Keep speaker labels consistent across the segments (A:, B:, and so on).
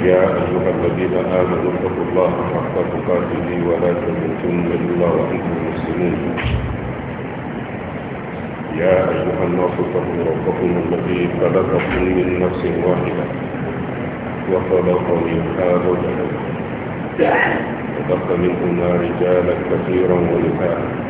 A: يا أيها الذين آمنوا اتقوا الله حق تقاته ولا تموتن إلا وأنتم مسلمون يا أيها الناس اتقوا ربكم الذي خلقكم من نفس واحدة وخلق منها رجلا وخلق منهما رجالا كثيرا ونساء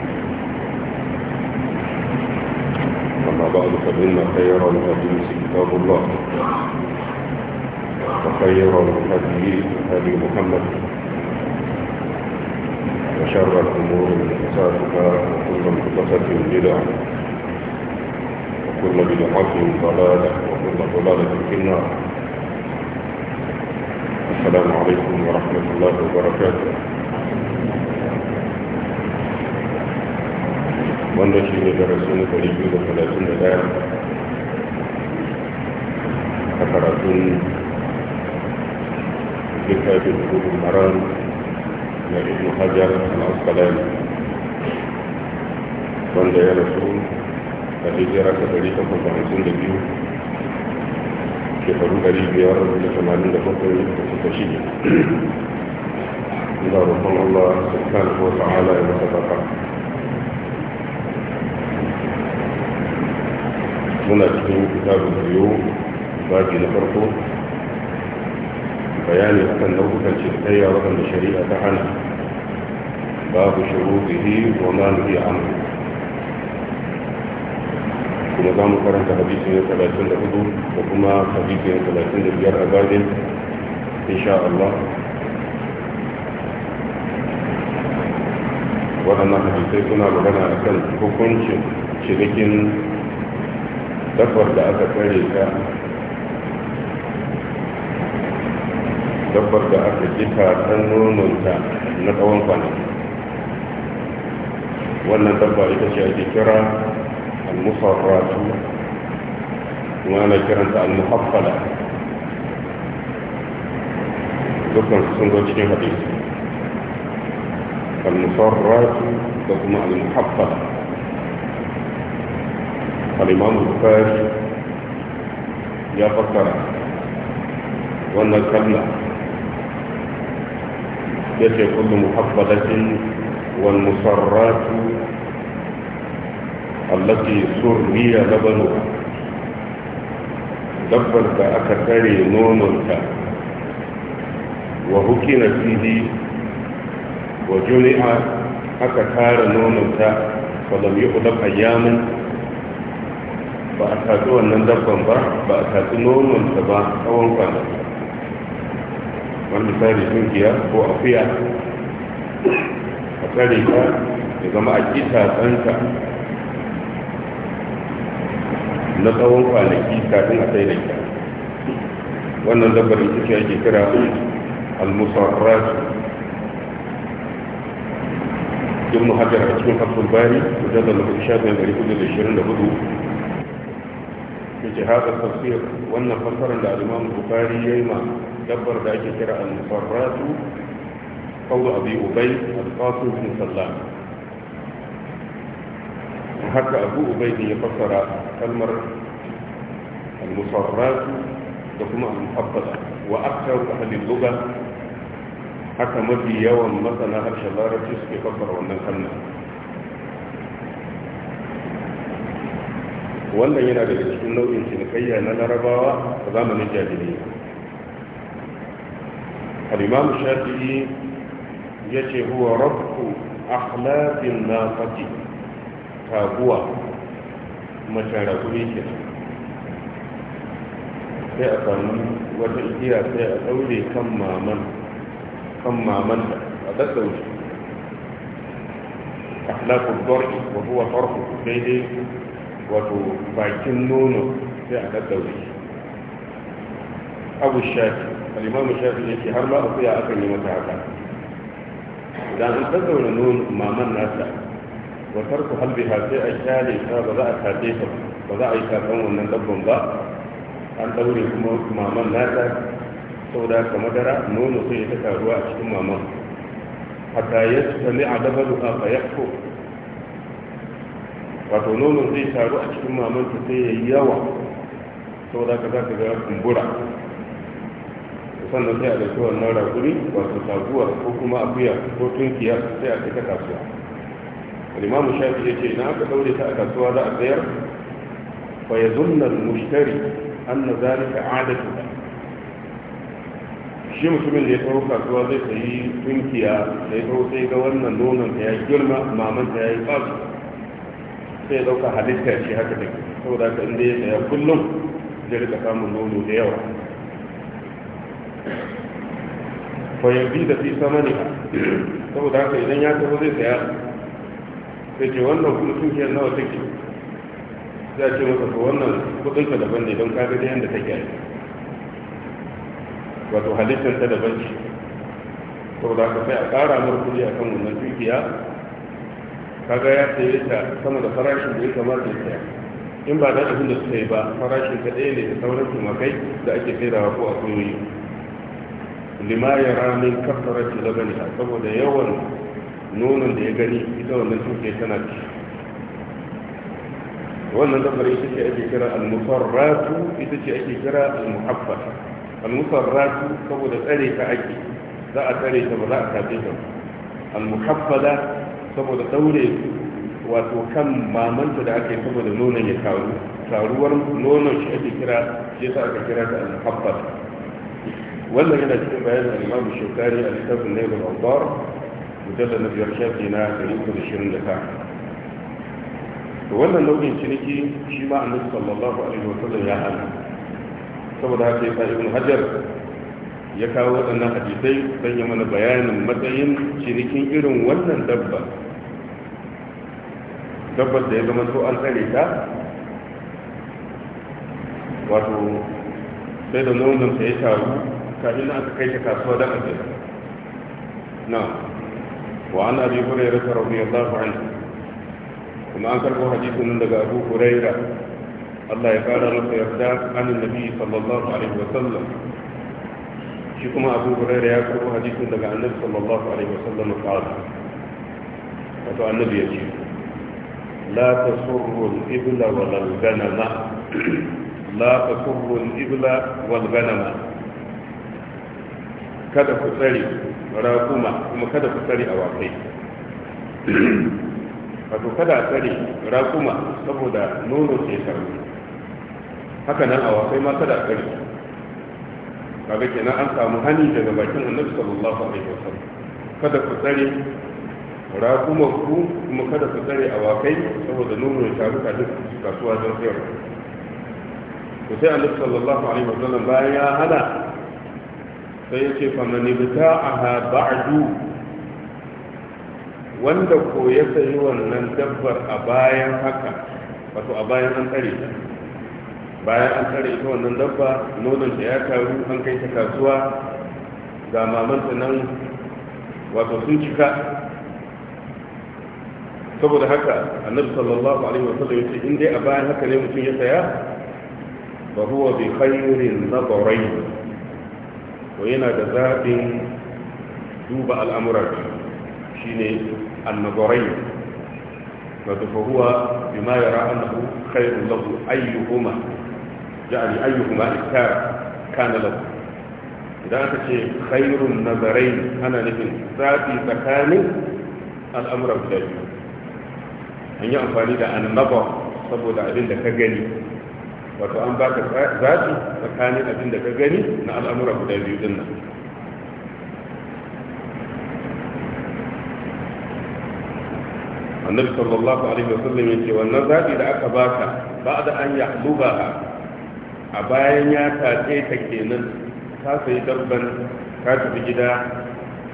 A: بعد فإن خير الحديث كتاب الله وخير الحديث هدي محمد وشر الأمور محدثاتها وكل محدثة بدعة وكل بدعة ضلالة وكل ضلالة في النار السلام عليكم ورحمة الله وبركاته wanda shi ne da rasu na ɗari biyu da talatin da daya, a karatun littafin rubutun maran na ibn hajar al-asqalani wanda ya rasu a hijira ta ɗari takwas da hamsin da biyu shekaru dari biyar da tamanin da bakwai da suka shige ina roƙon Allah subhanahu wa ta'ala ya masa baka muna cikin kitabun biyu babi na farko bayani akan nau'ukan cinikayya waɗanda shari'a ta hana babu shuruɗihi wa ma nuhi amru kuma za mu karanta hadisi na talatin da hudu da kuma hadisi na talatin da biyar a babin insha Allah waɗannan hadisai suna magana akan hukuncin cinikin dabbar da aka tsare ta dabbar da aka jika kan nononta na tsawon kwanaki wannan dabba ita ce ake kira al-musarratu kuma ana kiranta al-muhaffala dukkan sun zo cikin hadisi al-musarratu da kuma al-muhaffala الإمام الفاش يا فكر وأن الكلمة يجي كل محفظة والمصرات التي سرية لبنها دبر أكثر نونك وهكن فيه وجمع أكثر نونك فلم يؤلف أياما ba a tatsi wannan dabban ba ba a nonon nononta ba tsawon kwanaki wani misali tunkiya ko akuya a tsare ka ya zama a kita tsanta. na tsawon kwanaki kafin a tsaye da ita wannan dabbar ita ce ake kira al-musarrat ibn hajar a cikin fatul bari mujallar da shafi 424 في هذا التفسير وان فسر الامام البخاري يما دبر ذلك كرا المفرات قول ابي ابي القاسم بن سلام حتى ابو ابي يفسر المر المفرات ثم المحفظة واكثر اهل اللغه حتى مدي يوم مثلا هل شبارك يسقي فقر ومن كمل wannan yana daga cikin nau'in cinikayya na larabawa a zamanin jahiliya al-imam shafi'i yace huwa rabbu akhlaqin nafati taguwa mace rakumi ke sai a samu wata iya sai a daure kan maman kan maman da a daddaure akhlaqul bar'i wa huwa farqu daidai wato bakin
B: nono sai a
A: daddaure abu shafi alimamu shafi yake har ma akuya akan yi mata haka da an daddaure nono maman nasa wa tarku halbi ha sai a kyale ta ba za a tace ta ba za a yi kasan wannan dabban ba an daure kuma maman nasa saboda ka madara nono sai ya taka ruwa a cikin maman hatta ya tsali a dabaru a fayakko wato nonon zai taru a cikin mamanta sai ya yi yawa saboda ka za ka ga kumbura sannan sai a ɗauki wannan rakuri wato sabuwa ko kuma akuya ko tunkiya sai a cika kasuwa limamu shafi ya ce na aka ɗaure ta a kasuwa za a tsayar? fa ya zunna mushtari an na zalika adatu shi mutumin da ya taho kasuwa zai sayi tunkiya da ya taho sai ga wannan nonon ta ya girma mamanta ya yi tsasu sai ya dauka halitta shi haka take saboda ka inda ya saya kullum zai rika samun nono da yawa fayyarbi da fi sama ne saboda haka idan ya tafi zai saya sai ce wannan kuma tunkiyar nawa take za ce masa ko wannan ka daban ne don ka da yadda take yi wato halittar ta daban ce saboda haka sai a kara mar kudi akan wannan tukiya kaga ya saye ta sama da farashin da ya kamata ya saya in ba da abin da suka yi ba farashin ta ɗaya ne da sauran tumakai da ake saidawa ko a koyoyi lima ya ramin kafarar da gani saboda yawan nonon da ya gani ita wannan tuke tana ci wannan dabbar ita ce ake kira al-musarratu ita ce ake kira al-muhabba al-musarratu saboda tsare ta ake za a tsare ta ba za a kafe ta al-muhabbada saboda daure wato kan mamanta da aka yi saboda nonon ya taru taruwar nonon shi ake kira shi yasa aka kira ta al-habbat wannan yana cikin bayanin al-imam shukari a littafin nail al-awdar mujallal na biyar shafi na 329 to wannan nau'in ciniki shi ma annabi sallallahu alaihi wa sallam ya hana saboda haka yasa ibn hajar ya kawo waɗannan hadisai don yi mana bayanin matsayin cinikin irin wannan dabba dabbar da ya zama so an tsare ta wato sai da nononsa ya taru kafin na aka kai ta kasuwa da ajiyar na wa an abi hurairu ta radiyallahu anhu kuma an karɓo hadisun nan daga abu hurairu Allah ya fara masa yarda an nabi sallallahu alaihi wa sallam shi kuma abu hurairu ya karbo hadisin daga annabi sallallahu alaihi wasallam qala wato annabi ya ce la tasurru al-ibla wal ghanama la tasurru al-ibla wal ghanama kada ku tsari rakuma kuma kada ku tsare awakai wato kada a tsari rakuma saboda nono ce sarki haka nan awakai ma kada a tsari. kaga kenan an samu hani daga bakin annabi sallallahu alaihi wasallam kada ku tsare rakumar ku kuma kada ku tsare awakai saboda nono ya taru kafin kasuwa don sayar ku sai annabi sallallahu alaihi wasallam bayan ya hana sai ya ce faman a ba'du wanda ko ya sayi wannan dabbar a bayan haka wato a bayan an tsare ta bayan an tare ita wannan dabba nonon da ya taru an kai ta kasuwa ga mamanta nan wato sun cika saboda haka annabi sallallahu alaihi wa sallam yace in dai a bayan haka ne mutum ya saya fa huwa bi khairin nadarai to yana da zaɓin duba al'amuran shine annabarai wato fa huwa bima yara annahu khairun lahu ayyuhuma يعني أيهما إكتاب كان له إذا أنت خير النظرين أنا نفن ذاتي تكاني الأمر بجاجة أن يأفاني ده أن نبع صبو ده أبين ده كجاني وتو أن باك ذاتي تكاني أبين ده كجاني أن الأمر بجاجة يدنا النبي صلى الله عليه وسلم يقول والنظر إذا أكباك بعد أن يحبوبها a bayan ya tace ta kenan ka sayi dabban ka tafi gida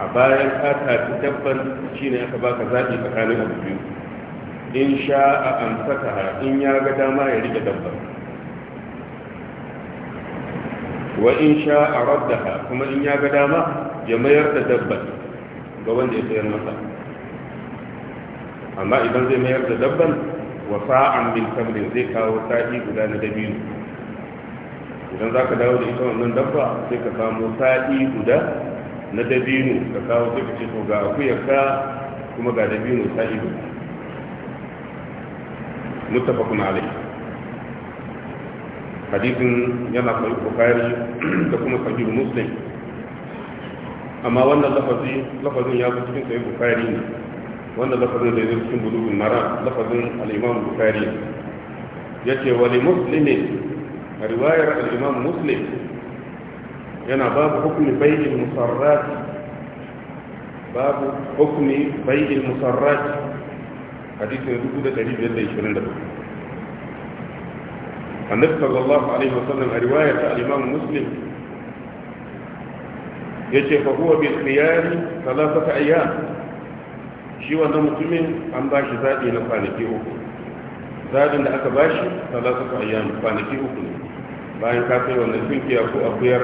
A: a bayan ka tafi dabban shine aka baka zaɓi tsakanin abu biyu in sha a amsaka in ya ga dama ya rike dabban wa in sha a raddaha kuma in ya ga dama ya mayar da dabban ga wanda ya sayar masa amma idan zai mayar da dabban wa sa'an min tamrin zai kawo sa'i guda na dabino idan za ka dawo da ita wannan dabba sai ka samu sa'i guda na dabino ka kawo sai ka ce to ga akuyarka kuma ga dabino sa'i guda kuma alai hadisin yana kai bukhari da kuma sahih muslim amma wannan lafazin lafazin ya zo cikin sahih bukhari ne wannan lafazin da ya zo cikin bulugul maram lafazin al-imam ya yace wa li muslimin a riwayar al-imam muslim yana babu hukmi bai'il musarrat babu hukmi bai'il musarrat hadisin 1527 annabi sallallahu alaihi wasallam a riwayar al-imam muslim ya fa huwa bil khiyari thalathata ayyam shi wannan mutumin an ba shi zaɓi na kwanaki uku zaɓin da aka ba shi talatuka ayyami kwanaki uku ne bayan ka sai wannan tunkiya ko akuyar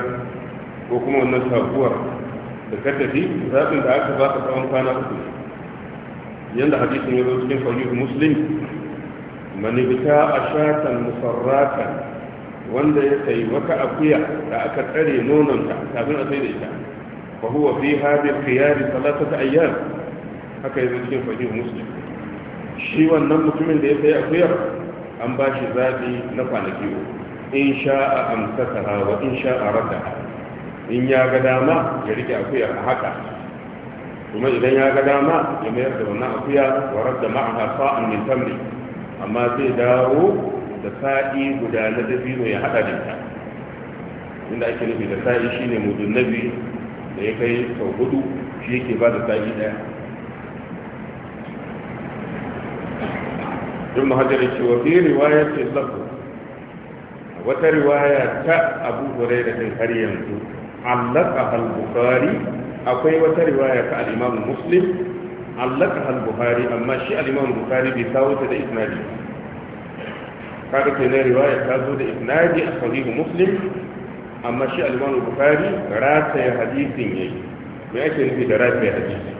A: ko kuma wannan sabuwar da ka tafi zaɓin da aka ba ka tsawon kwana uku yadda hadisin ya zo cikin sahih muslim man a shatan musarratan wanda ya sayi wata akuya da aka tsare nononta kafin a sai da ita fa huwa fi hadhihi khiyar salatata ayyam haka yazo cikin sahih muslim shi wannan mutumin da ya sayi akuyar an ba shi zaɓi na kwanaki uku in sha'a amsakaha wa in sha'a raka in ya ga dama ya rike akuya a haka kuma idan ya ga dama ya mayar da wannan akuya wa radda ma'aha sa'an min tamri amma zai dawo da sa'i guda na dabino ya hada da ita inda ake nufi da sa'i shine mudun nabi da ya kai sau hudu shi yake ba da sa'i daya duk mahajarin cewa fi riwayar ce lafu wata riwaya ta abu da din har yanzu allaka al-bukhari akwai wata riwaya ta al-imam muslim allaka al-bukhari amma shi al-imam bukhari bai kawo ta da isnadi kaga kenan riwaya ta zo da isnadi a sahihu muslim amma shi al-imam bukhari rataya hadisin yayi me ake nufi da rataya hadisi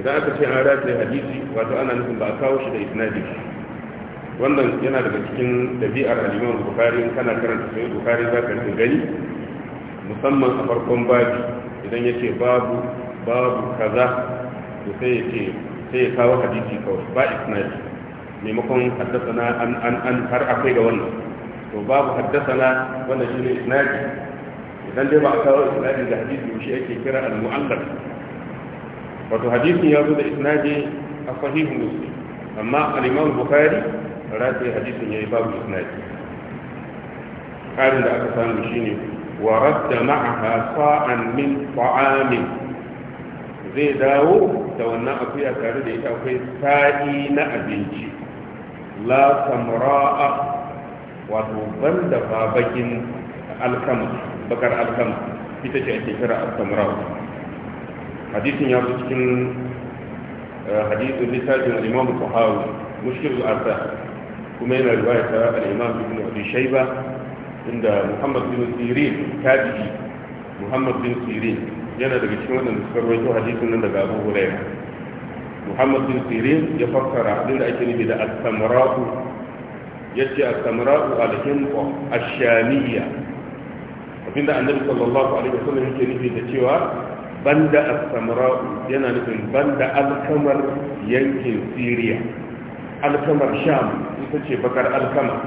A: idan aka ce an rataya hadisi wato ana nufin ba a kawo shi da isnadi ba wannan yana daga cikin dabi'ar al-Imam Bukhari kana karanta sai Bukhari za ka rinka gani musamman a farkon babi idan yace babu babu kaza to sai yace sai ya kawo hadisi kawai ba isnad maimakon haddasana an an har akai ga wannan to babu haddasana wannan ne isnad idan dai ba a kawo isnadi da hadisi shi ake kira al-mu'allaq wato hadisin ya zo da isnadi a sahihu muslim amma al-Imam Bukhari rafi hadisin ya yayi babu isnadi karin da aka samu ne. wa radda ma'aha sa'an min ta'amin zai dawo da wannan akuya tare da ita akwai sa'i na abinci la samra'a wato ban da babakin alkama bakar alkama ita ce ake kira al-samra'a hadisin ya fi cikin eh, hadisin littafin al-imam tahawi mushkil al-arda كما هنا رواية الإمام بن أبي شيبة عند محمد بن سيرين التابعي محمد بن سيرين جنا ده بيشمل ان تفرويته حديث ان ده ابو هريره محمد بن سيرين يفكر عبد الله بن ابي السمراء يجي السمراء على جنب الشاميه وفي النبي صلى الله عليه وسلم يجي نبي ده تيوا بند السمراء جنا نبي بند الكمر ينكي سيريا الكمر شام ita ce bakar alkama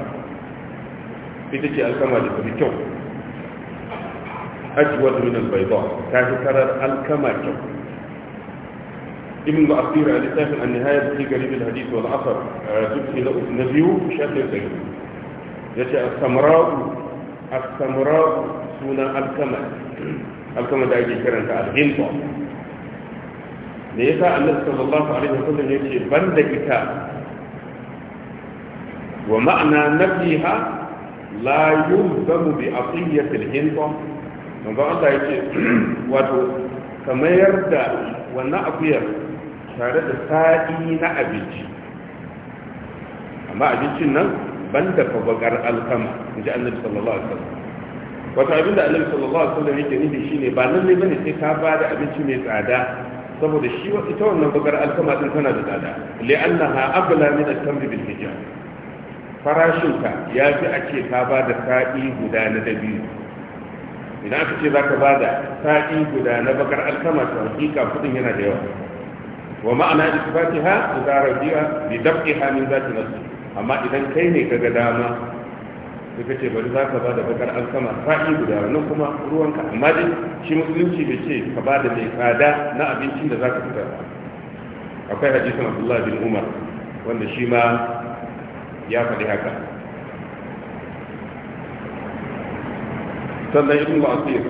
A: ita ce alkama da tafi kyau ajwad min albayda ta fi karar alkama kyau ibn ba'asir a littafin an nihaya da ke garibin hadisi wal asar duk na biyu shafin sai ya ce asamra'u asamra'u sunan alkama alkama da ake karanta alhinta da yasa annabi sallallahu alaihi wasallam yace banda ita wa ma'ana nafiha la yulzamu bi aqiyatil hinta manzo Allah yake wato kamar da wannan akuyar tare da sa'i na abinci amma abincin nan ban da fabakar alkama sallallahu alaihi wata abin da annabi sallallahu alaihi wasallam yake nufi shine ba lalle bane sai ka ba da abinci mai tsada saboda shi ita wannan bagar alkama din tana da tsada li'annaha abla min at-tamr bil hijab farashinka ya fi a ce ta ba da sa'i guda na dabiyu idan aka ce za ka ba da sa'i guda na bakar alkama ta hakika kudin yana da yawa wa ma'ana isbati ha idza rabi'a bi dafke hannun za zati nafsi amma idan kai ne kaga dama sai kace bari za ka ba da bakar alkama sa'i guda wannan kuma ruwanka amma dai shi musulunci bai ce ka ba da mai tsada na abincin da za ka fitar akwai hadisin abdullahi bin umar wanda shi ma ya faɗi haka sannan ibn al-asir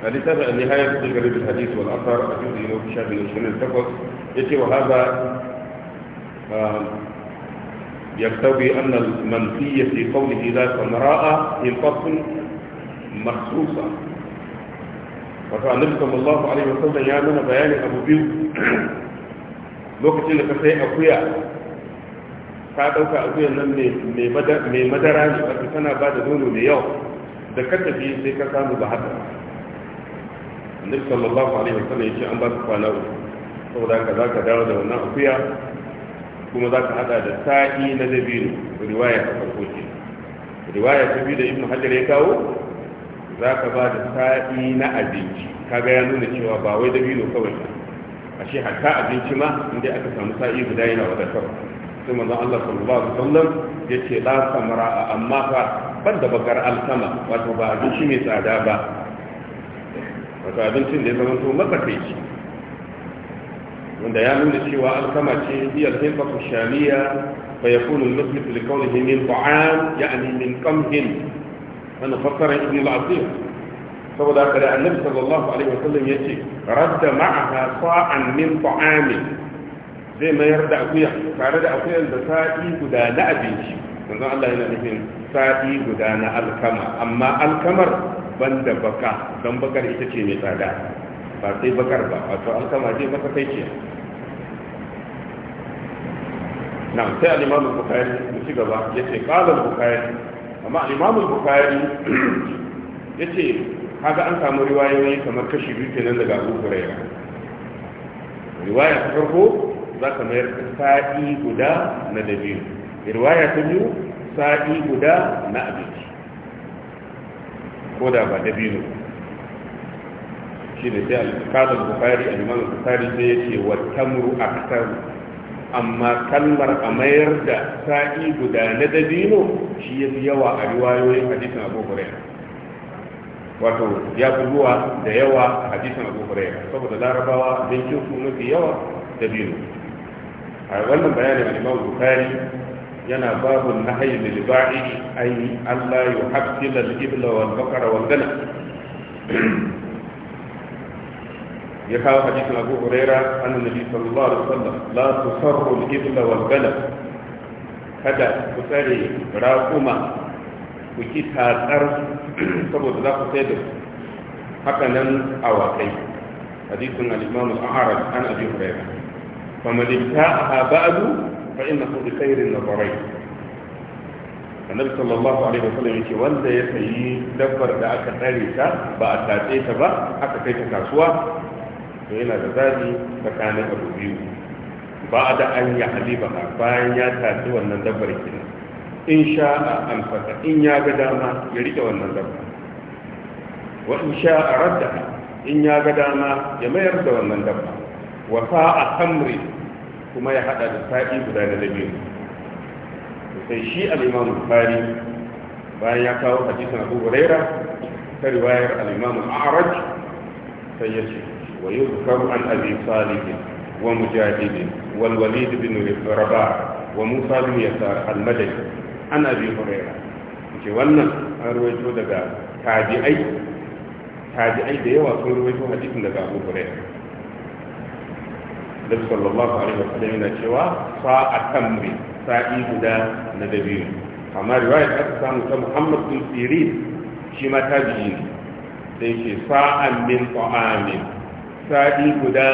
A: a littafin al-nihaya da cikin rubin hadisi wal asar a cikin yau shafin shirin takwas ya ce wa haza يستوي أن المنفي في قوله لا سمراء الفصل مخصوصا فالنبي صلى الله عليه وسلم يا من بيان أبو بيو لوكتين كسي أخويا ka ɗauka akuyan nan mai madara ne wato tana ba da nono mai yawa da ka tafi sai ka samu ba haka annabi sallallahu alaihi wasallam yace an ba su kwana uku saboda ka za ka dawo da wannan akuya kuma za ka hada da sa'i na dabino riwaya ta farko ce riwaya ta biyu da ibnu hajar ya kawo za ka ba da sa'i na abinci kaga ya nuna cewa ba wai dabino kawai ashe hatta abinci ma inda aka samu sa'i guda yana wadatarwa sai manzon Allah sallallahu alaihi wasallam yace la samara amma fa ban da bakar alkama wato ba abinci mai tsada ba wato abincin da ya zama to matsakaici wanda ya nuna cewa alkama ce hiya al-hilqatu shamiya fa yakunu al-mithlu li qawlihi min ta'am ya'ni min qamhin ana fassara ibn al-azim saboda haka da annabi sallallahu alaihi wasallam yace radda ma'aha sa'an min ta'amin zai mayar da akuya tare da akuyan da sa'i guda na abinci manzon Allah yana nufin sa'i guda na alkama amma alkamar banda baka don bakar ita ce mai tsada ba sai bakar ba wato alkama zai maka kai ce na sai al bukari da bukhari ci gaba ya ce al bukari amma al bukari ya ce haka an samu riwayoyi kamar kashi biyu kenan daga Abu Hurairah riwaya ta farko za ka mayar sa'i guda na dabino riwaya ta biyu sa'i guda na abinci ko da ba dabino shi ne sai al-kadar bukari al-imam bukari sai ya ce wa a aktar amma kalmar a mayar da sa'i guda na dabino shi ya fi yawa a riwayoyin hadisin abu hurairah wato ya fi zuwa da yawa a hadisin abu hurairah saboda larabawa bincin su mafi yawa dabino أولا بيان الإمام البخاري ينا باب النهي للباعي أي ألا يحفل الإبل والبقر والغنم يقال حديث أبو هريرة أن النبي صلى الله عليه وسلم لا تصر الإبل والغنم kada ku tsare raƙuma ku ki tatsar saboda za ku sai حديث su haka nan awakai hadisin al فمن ابتاعها بعد فإنه بخير النظرين annabi sallallahu alaihi wasallam yake wanda ya sayi dabbar da aka tsare ta ba a tatse ta ba aka kai ta kasuwa to yana da zabi tsakanin abu biyu ba da an yi haliba bayan ya tatse wannan dabbar kenan in sha'a an fata in ya ga dama ya rike wannan dabba wa in sha'a radda in ya ga dama ya mayar da wannan dabba wa sa'a tamri kuma ya hada da sa'i guda da dabino sai shi al-imam bukhari bayan ya kawo hadisin abu huraira ta riwayar al-imam araj sai ya ce wa yuzkaru an abi salih wa mujahid wal walid bin rabah wa musa bin yasar al-madani an abi huraira ce wannan an ruwaito daga tabi'ai tabi'ai da yawa sun ruwaito hadisin daga abu huraira annabi sallallahu alaihi wa sallam yana cewa sa'a tamri sa'i guda na dabiru amma riwayar da aka samu ta Muhammad bin Sirin shi ma tabi'i ne sai ce sa'an min ta'amin sa'i guda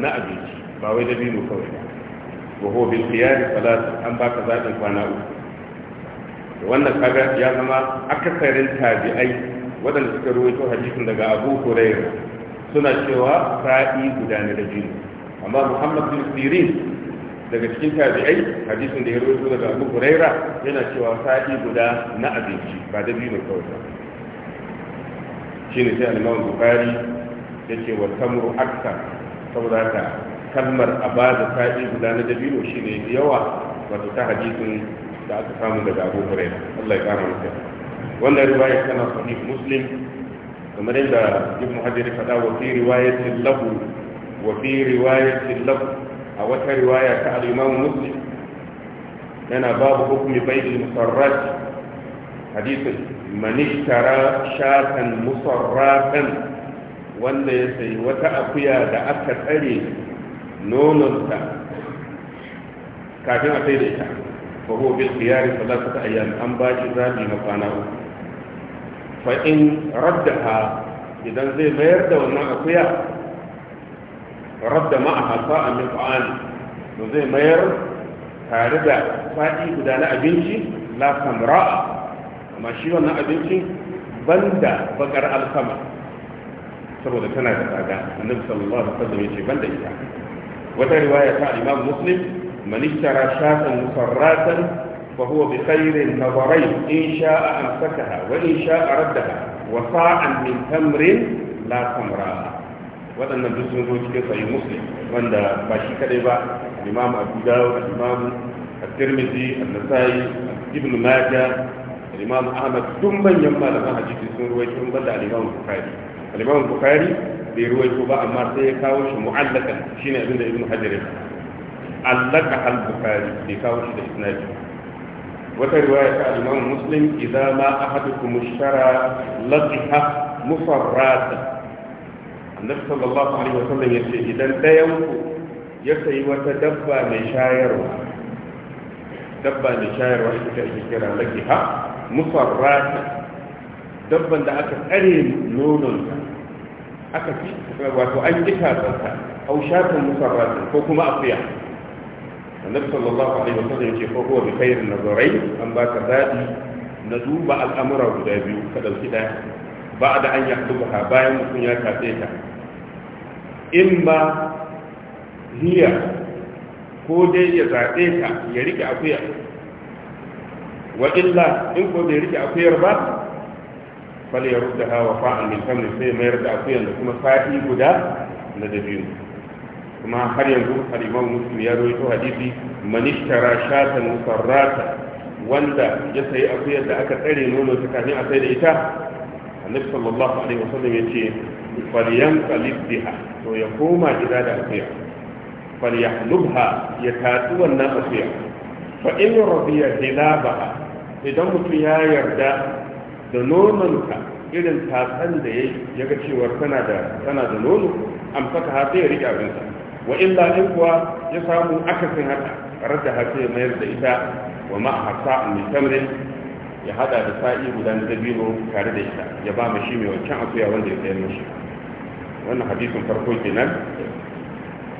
A: na abinci ba wai dabiyu kawai ba wa huwa bil qiyar salat an baka zaɓin kwana uku wannan kaga ya zama akasarin tabi'ai wadanda suka ruwaito hadisin daga abu hurairah suna cewa sa'i guda na dabiru amma muhammad bin sirin daga cikin tabi'ai hadisin da ya rubuta daga abu huraira yana cewa sa'i guda na abinci ba da biyu kawai ba shine sai al-imam bukhari yace wa tamru akthar saboda ta kalmar abada sa'i guda na dabino shine yawa wato ta hadisin da aka samu daga abu huraira Allah ya kara masa wannan riwaya tana sahih muslim kamar yadda ibn hajar ya faɗa wa fi riwayatin lahu wa fi riwayatin a wata riwaya ta al-imam muslim yana babu hukumi bai'il musarrat hadithin man ishtara shatan musarratan wanda ya sayi wata akuya da aka tsare nononta kafin a sai da ita fa huwa bil khiyari salatata ayyam an ba shi zabi na kwana uku fa in raddaha idan zai mayar da wannan akuya radda ma'aha sa'an min ta'ani to zai mayar tare da faɗi guda na abinci la samra amma shi wannan abincin da bakar alkama saboda tana da tsada annabi sallallahu alaihi wasallam yace da ita wata riwaya ta imam muslim man ishtara shatan musarratan fa huwa bi khairin nadarain in sha'a amsakaha wa in sha'a raddaha wa sa'an min tamrin la samra waɗannan duk sun zo cikin sahih muslim wanda ba shi kadai ba imam abu dawud imam at-tirmidhi an-nasai ibn majah imam ahmad duk manyan malaman hadisi sun ruwaito in banda al-imam bukhari al-imam bukhari bai ruwaito ba amma sai ya kawo shi mu'allakan shine abin da ibn hajar ya allaka al-bukhari bai kawo shi da isnadi wata riwaya ta al-imam muslim idza ma ahadukum ishtara latiha mufarratan annabi sallallahu alaihi wasallam ya ce idan ɗayan ku ya sayi wata dabba mai shayarwa dabba mai shayarwa ita ake kira laqiha musarrata dabban da aka tsare nononta aka fi wato an ji kasarta au shatan musarrata ko kuma akuya annabi sallallahu alaihi wasallam ya ce ko huwa bi khairin nazarai an ba ka daɗi na duba al'amura guda biyu ka dauki daya ba da an yaɗu bayan mutum ya katse ta in ba hiya ko dai ya zaɓe ka ya rike akuya wa illa in ko bai rike akuyar ba fal ya rudda hawa fa'an min kamri sai mayar da akuyan da kuma sa'i guda na dabiyu kuma har yanzu al-imam muslim ya rawaito hadisi man ishtara shatan musarrata wanda ya sayi akuyar da aka tsare nono ta kafin a sai da ita annabi sallallahu alaihi wasallam ya yace falyanqalib biha to ya koma gida da akuya bal ya lubha ya tatsi wannan akuya fa in rabiya hilabaha idan mutum ya yarda da ka irin tatsan da yayi yaga cewa tana da tana da nono amsaka ha sai ya wa illa in kuwa ya samu akasin haka radda ha sai mayar da ita wa ma hasa min tamri ya hada da sa'i guda na dabino tare da ita ya ba mashi mai wancan akuya wanda ya sayar mashi wannan hadisin farko kenan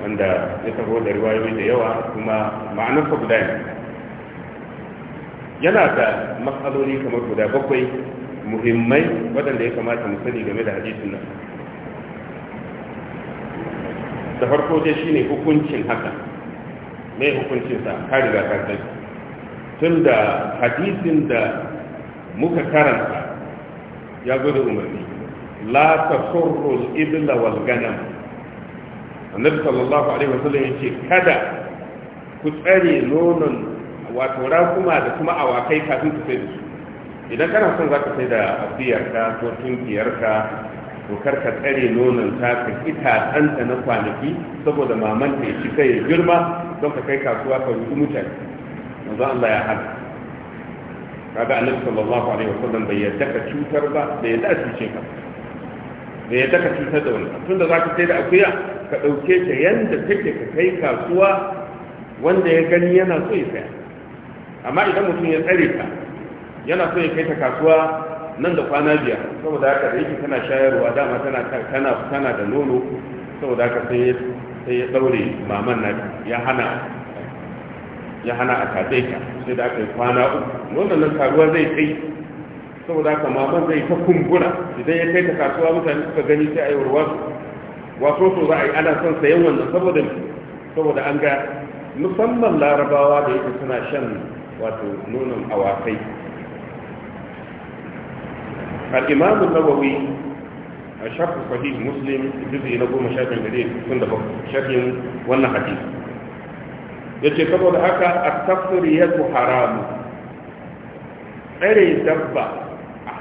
A: wanda ya taho da riwayoyi da yawa kuma ma'anar guda ne yana da matsaloli kamar guda bakwai muhimmai waɗanda ya kamata mu sani game da hadisin nan da farko dai shine hukuncin haka mai hukuncin sa ka riga ka san tun da hadisin da muka karanta ya zo umarni la tasurru al-ibla wal ganam annabi sallallahu alaihi wasallam yace kada ku tsare nonon wato rakuma da kuma awakai kafin ku sai da su idan kana son zaka sai da asiyarka ko tunkiyarka to kar ka tsare nonon ta ka ita tsanta na kwanaki saboda maman ta shi kai girma don ka kai kasuwa ka rubu Allah ya bai yadda ka cutar ba bai yadda a ka da ya daka cutar da wani tun da za ka sai da akuya ka ɗauke ta yadda take ka kai kasuwa wanda ya gani yana so ya saya amma idan mutum ya tsare ta yana so ya kai ta kasuwa nan da kwana biyar saboda haka da yake tana shayarwa dama tana tana tana da nono saboda haka sai ya sai ya daure maman na ya hana ya hana a tatse ka, sai da aka yi kwana uku nonon nan karuwa zai kai saboda haka maman zai ta kumbura idan ya kai ta kasuwa mutane suka gani sai a yi warwasu wato so za a yi ana son sayan wannan saboda saboda an ga musamman larabawa da yake suna shan wato nonon awakai al-imam an-nawawi a shafi sahih muslim juzi na goma shafin gare sun da shafin wannan hadisi yace saboda haka a at-tafsiriyatu haramu, tsare dabba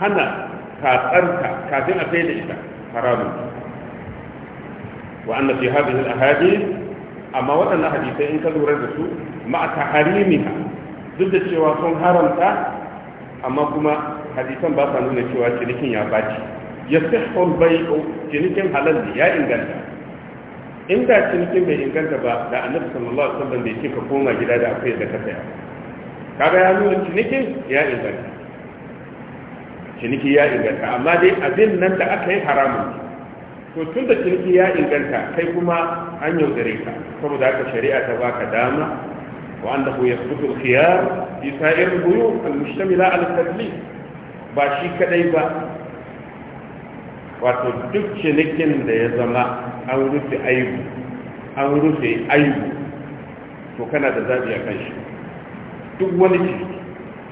A: hana katsarta kafin a sai da ita haramun wa anna fi hadhihi al-ahadith amma waɗannan hadisai in ka lura da su ma'a taharimiha duk da cewa sun haramta amma kuma hadisan ba sa nuna cewa cinikin ya baci ya sihhul bai'u cinikin halal ne ya inganta In da cinikin bai inganta ba da annabi sallallahu alaihi wasallam bai ce ka koma gida da akwai da ka saya kaga ya nuna cinikin ya inganta ciniki ya inganta amma dai abin nan da aka yi haramun to tun da ciniki ya inganta kai kuma an yaudare ka saboda haka shari'a ta baka dama wa ku yasbutu al-khiyar fi sa'ir al-buyu al-mushtamila al ba shi kadai ba wato duk cinikin da ya zama an rufe aibu an rufe aibu to kana da zabi a kan shi duk wani ciniki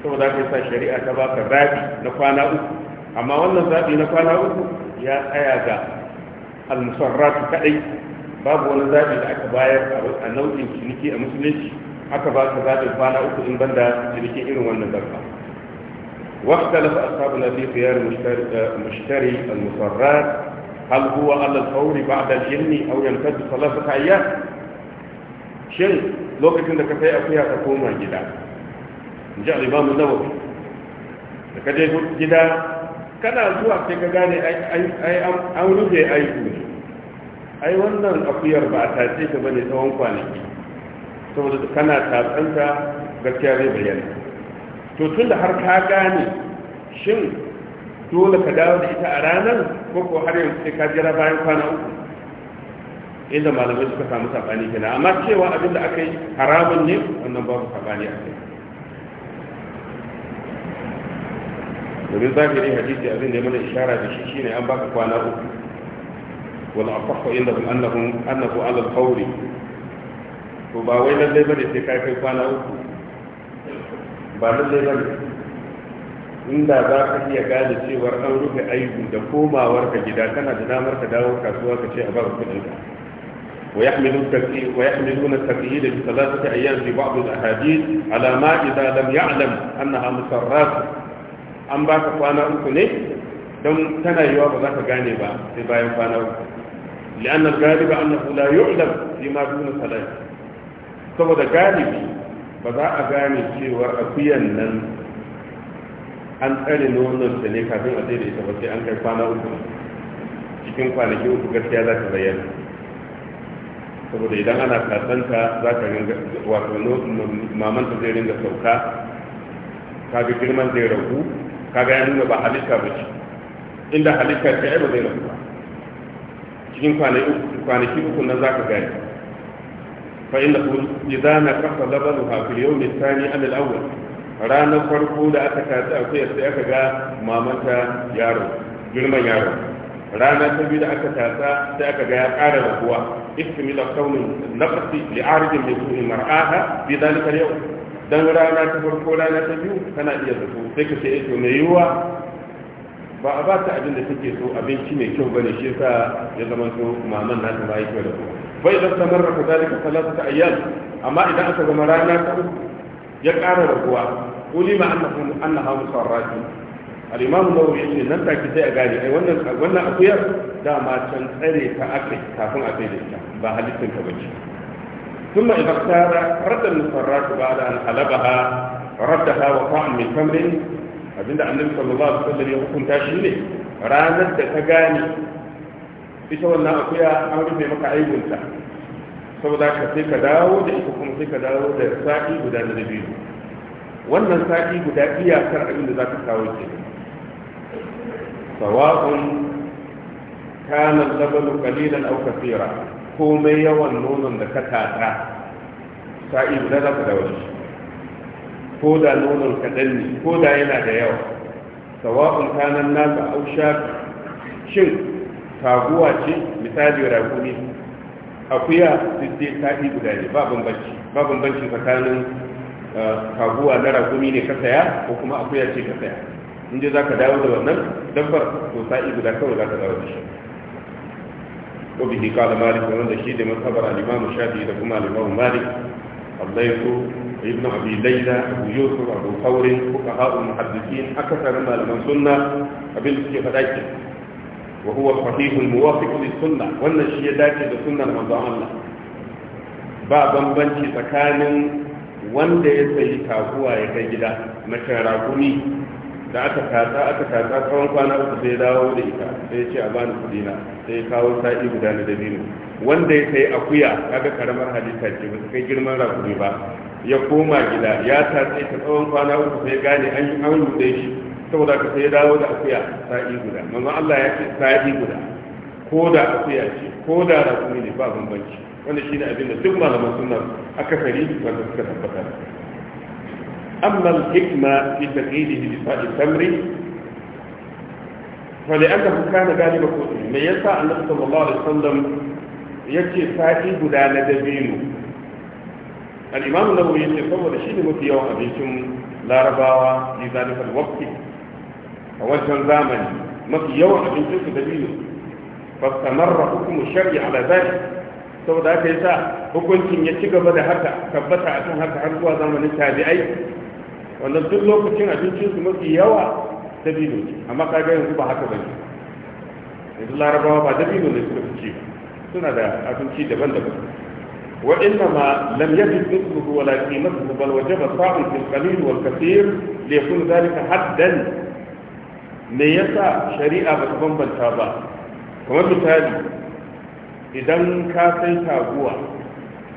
A: saboda ka sa shari'a ta baka zabi na kwana uku amma wannan zabi na kwana uku ya tsaya ga al-musarrat kaɗai, babu wani zabi da aka bayar a nau'in ciniki a musulunci aka ba ka zabin kwana uku in banda cinikin irin wannan zarfa واختلف أصحابنا في خيار مشتري المصرات هل هو على الفور بعد الجن أو يمتد ثلاثة أيام شن da ka sai akuya ka koma gida in ji alimamun nawawi da ka je gida kana zuwa sai ka gane an rufe aiku ne ai wannan akuyar ba a tace ka bane tsawon kwanaki saboda kana tatsanta gaskiya zai bayyana to tun da har ka gane shin dole ka dawo da ita a ranar ko ko har yanzu sai ka jira bayan kwana uku inda malamai suka samu sabani kenan amma cewa abin da aka yi haramun ne wannan babu sabani a kai ومن ظاهر حديث أبن من إشارة بشيشي نعم باك فانه والأصح إنه أنه أنه على القول وباوين اللي من إتكاك فانه بعد اللي من إن ذا ذاك هي قال شيء ورأوه بأيب دفوما ورك جداك أنا دنامرك داوك أسواك شيء أبا رفضنك ويحملون ويحملون التقييد بثلاثة أيام في بعض الأحاديث على ما إذا لم يعلم أنها مسرات an ba ka kwana uku ne don tana yiwa ba za ka gane ba sai bayan kwana uku li'an al-galiba annahu la yu'lam fi ma duna salat saboda galibi ba za a gane cewa akuyan nan an tsare nonon da ne kafin a daidai ta sai an kai kwana uku cikin kwanaki uku gaskiya za ta bayyana saboda idan ana kasanta za ka ringa wato mamanta zai ringa sauka kaga girman zai ragu kaga ya nuna ba halitta ba ce inda halitta ta yi ba zai rasu ba cikin kwanaki uku nan za ka gani fa inda ku idza na kafa labarin hafi yau ne sani an al ranar farko da aka a kuyar sai aka ga mamanta yaro girman yaro rana ta biyu da aka tasa sai aka ga ya ƙara rabuwa da kaunin nafasi li arjin bi su'i mar'aha bi zalika yau dan rana ta farko rana ta biyu kana iya zato sai ka ce eh, to mai yiwuwa ba a ba ta abin da take so abinci mai kyau bane shi yasa ya zama so maman na ta bai kyau da ku bai da samarra ku dalika salatu ayyam amma idan aka zama rana ta uku ya ƙara raguwa ma annahu annaha musarrati al-imam nawawi ne nan take sai a gane ai wannan wannan akuyar dama can tsare ta akai kafin a kai da ita ba halittin ka bace ثم إذا اختار رد المسرات بعد أن حلبها ردها وطعم من تمر abinda annabi sallallahu alaihi wasallam ya hukunta shi ne ranar da ta gane ita wannan akuya an rufe maka aibunta saboda ka sai ka dawo da ita kuma sai ka dawo da sa'i guda na biyu wannan sa'i guda iyakar abin da za ka kawo ke sawa'un kana labalu qalilan aw kathira komai yawan nonon da ka tata sa'i guda za ka dawo shi ko da nonon kaɗan ne ko da yana da yawa sawa'un kanan na au shafi shin taguwa ce misali ragumi. akuya duk dai sa'i guda ne ba bambanci ba bambanci tsakanin eh, taguwa na ragumi ne ka saya ko kuma akuya ce ka saya in je za ka dawo da wannan dabbar to sa'i guda kawai za ka dawo da shi وبه قال مالك ومن شيد من خبر الإمام الشافعي لكم الإمام مالك الليث ابن أبي ليلى أبو يوسف أبو ثور فقهاء المحدثين أكثر ما لمن سنة أبي لسكي فدايك وهو الصحيح الموافق للسنة وأن الشيء ذاك للسنة من الله بعضا بنشي سكان wanda ya sayi kaguwa ya kai gida na kan ragumi da aka kasa aka kasa, tsawon kwana uku sai dawo da ita sai ce a bani kuɗi na sai kawo sa'i guda na dalilu wanda ya sai akuya kaga karamar halitta ce ba su kai girman rakumi ba ya koma gida ya tatse ta tsawon kwana uku sai gane an yi an yi shi saboda ka sai dawo da akuya sa'i guda manzon Allah ya ce sa'i guda ko da akuya ce ko da rakumi ne ba bambanci wanda shine abin da duk malaman sunna akasari wanda suka tabbatar أما الحكمة في تقييده بفاء التمر فلأنه كان غالب كونه من يسعى النبي صلى الله عليه وسلم يكي فائي بلا ندبينه الإمام النووي يكي صور شيء مفي يوم أبيكم لا رباوة في ذلك الوقت فوجه زامن مفي يوم أبيكم دبينه فاستمر حكم الشرع على ذلك saboda haka yasa hukuncin ya ci gaba da haka tabbata akan haka har zuwa zamanin tabi'ai wannan duk lokacin abincinsu mafi yawa dabino ne amma kaga yanzu ba haka ba bane yanzu larabawa ba dabino ne suka fi ci suna da abinci daban-daban wa inna ma lam yajid mithluhu wa la qimatuhu bal wajaba sa'un fil qalil wal kathir li yakun dhalika haddan me yasa shari'a ba ta bambanta ba kamar misali idan ka sai taguwa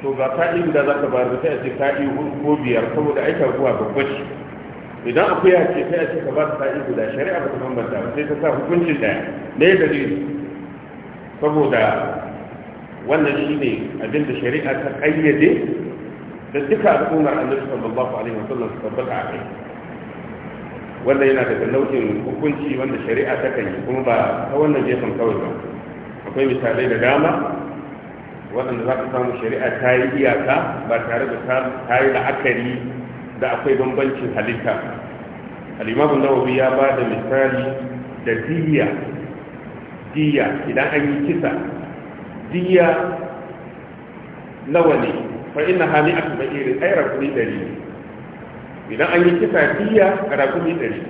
A: to ba sa'i guda za ka bayar da sai a ce sa'i hudu ko biyar saboda aikar kuwa babba ce idan akuya ce sai a ce ka ba ta sa'i guda shari'a ba ta bambanta ba sai ta sa hukuncin daya ne ya dalili saboda wannan shi ne abin da shari'a ta kayyade da duka al'ummar annabi sallallahu alaihi wasallam su tabbata a kai wanda yana daga nau'in hukunci wanda shari'a ta kai kuma ba ta wannan gefen kawai ba akwai misalai da dama waɗanda za ka samu shari'a ta yi iyaka ba tare da ta yi la'akari da akwai bambancin halitta alimamu nawawi ya ba da misali da diya diya idan an yi kisa diya nawa ne fa ina hali aka kuma irin ai rakuni ɗari idan an yi kisa diya rakuni ɗari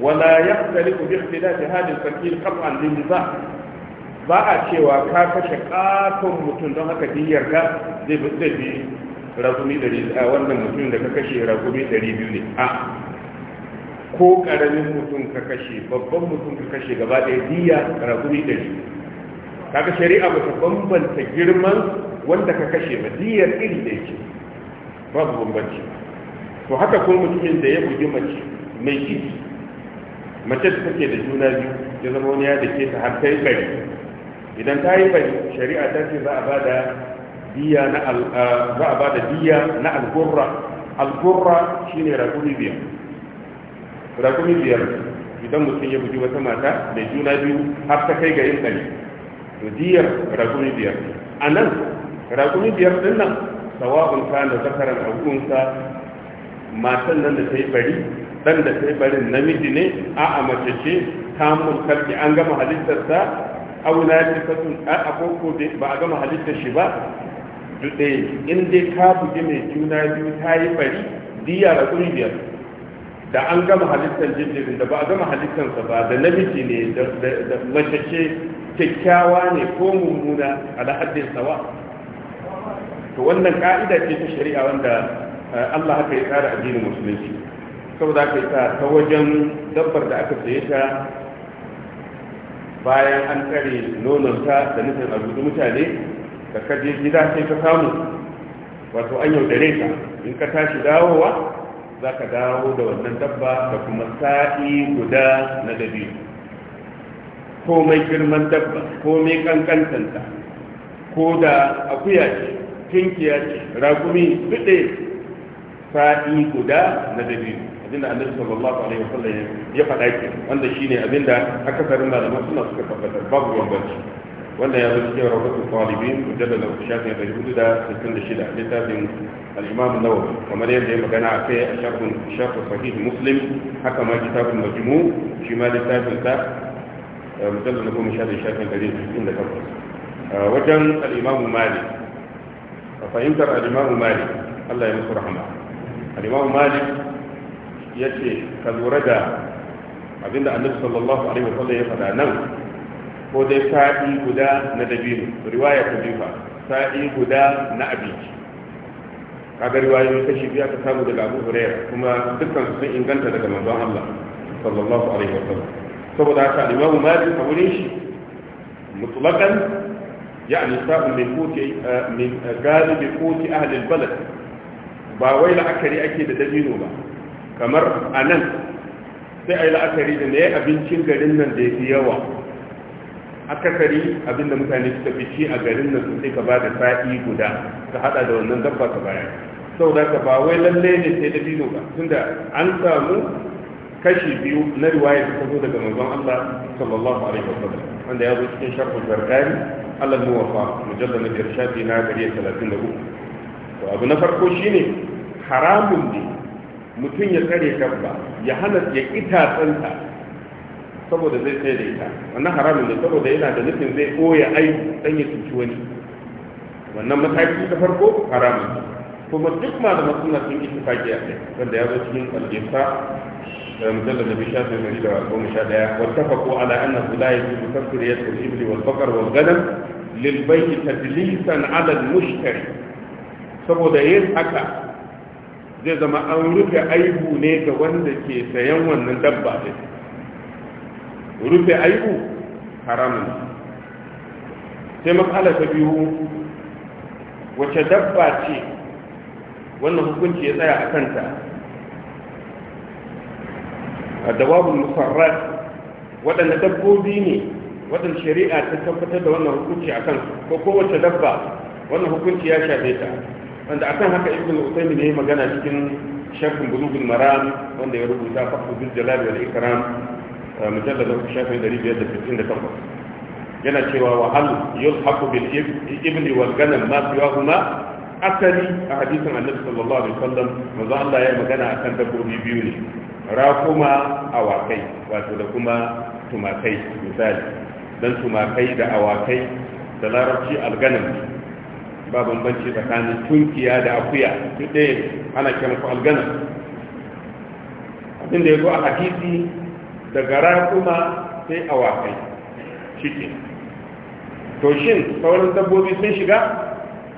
A: wala ya tsari ku bi ikhtilafi hadin sarki an lin za ba a cewa ka kashe ƙaton mutum don haka diyar ka zai bi rakumi dari a wannan mutum da ka kashe rakumi dari biyu ne a ko ƙaramin mutum ka kashe babban mutum ka kashe gaba ɗaya diya rakumi dari kaga shari'a ba ta bambanta girman wanda ka kashe ba diyar iri da yake babu bambanci to haka ko mutumin da ya bugi mace mai ciki mace da take da juna biyu ya zama wani ya da ke ta har kai idan ta yi shari'a ta ce za a ba da diya na za a ba da diya na al algurra shine rakumi biyar rakumi biyar idan mutum ya buji wata mata da juna biyu har ta kai ga yin tsari to diyar rakumi biyar a nan rakumi biyar din nan sawa'un kana zakaran al'unsa matan nan da ta yi bari dan da ta yi barin namiji ne a'a mace ce kamun karki an gama halittarsa aula ne fasun a koko ba a gama halittar shi ba duk in dai ka bugi mai juna biyu ta yi bari diya da ƙungiyar da an gama halittar jinjirin da ba a gama halittarsa ba da namiji ne da mace ce kyakkyawa ne ko mummuna a haddin sawa to wannan ka'ida ce ta shari'a wanda eh, Allah haka ya tsara addinin musulunci saboda haka ya ta wajen dabbar da aka saye ta bayan an tsare nononta da nufin a mutane da ka kaje gida sai ka samu
B: wato an yaudare ka
A: in ka tashi dawowa za ka dawo da wannan dabba da kuma sa'i guda na dabi mai girman dabba ko mai kankantanta ko da akuya ce tinkiya ce ragumi duk sa'i guda na dabi abinda annabi sallallahu alaihi wasallam ya faɗa ke wanda shine abinda akasarin malaman suna suka tabbatar babu bambanci wanda ya zo cikin rahoton talibin mujallar na shafin ɗari da sittin da shida littafin nawawi kamar yadda ya magana a kai a shafin shafin sahih muslim haka ma kitabun majmu shi ma littafin ta eh, na goma shafin shafin da takwas eh, wajen mali a fahimtar mali allah ya musu rahama al'imam mali ya ce ka lura da abinda annabi sallallahu alaihi wasallam ya faɗa nan ko dai sa'i guda na dabino riwaya ta jifa sa'i guda na abinci kaga riwayoyi kashi biya ta samu daga abu hurairah kuma dukkan sun inganta daga manzon Allah sallallahu alaihi wa sallam. saboda haka imamu malik a wurin shi mutlaqan يعني ساء min قوت من غالب قوت اهل البلد ba wai la'akari ake da dabino ba kamar a nan sai a yi la'akari da ne abincin garin nan da ya fi yawa akasari abinda mutane suka tafi ci a garin nan sun sai ka ba da sa'i guda ka hada da wannan dabba ka baya Sau da ka ba wai lalle ne sai da dino ba Tun da an samu kashi biyu na riwaya ta zo daga manzon Allah sallallahu alaihi wa sallam, wanda ya zo cikin sharhul barkari Allah mu wafa mujallal na irshadi na gari 33 to abu na farko shine haramun ne mutum ya tsare dabba ya hana ya itatsanta saboda zai sai da ita wannan haramun ne saboda yana da nufin zai koya aiki dan ya cuci wani wannan mataki ta farko haramun ne kuma duk malaman suna sun yi tufaki a kai wanda ya zo cikin aljefa da eh, mujallar da bi shafin dari da goma sha daya wata fako ala anna kula ya zubu tafsir ya tsiri ibli wal bakar wa gadan lil bayti tadlisan ala al mushtari saboda yin haka zai zama an rufe aibu ne ga wanda ke sayan wannan dabba ne rufe aibu haramun sai matsala ta biyu wace dabba ce wannan hukunci ya tsaya a kanta a dawabin musarrat waɗanda dabbobi ne waɗanda shari'a ta tabbatar da wannan hukunci a kansu ko kowace dabba wannan hukunci ya shafe ta wanda akan haka ibn al-usaymi ne magana cikin sharhin bulugul maram wanda ya rubuta fakhru jalal wal ikram eh, mujallad shafin 568 yana cewa wa hal yulhaqu bil ibni wal ganam ma siwahuma asali a hadisin annabi sallallahu alaihi wasallam manzo Allah ya magana akan dabbobi biyu ne rakuma awakai wato da kuma tumakai misali dan tumakai da awakai da larabci alganam ba bambanci tsakanin tunkiya da akuya duk ɗaya ana kiran ku algana abin da ya zo a hadisi gara kuma sai a wakai ke to shin sauran dabbobi sun shiga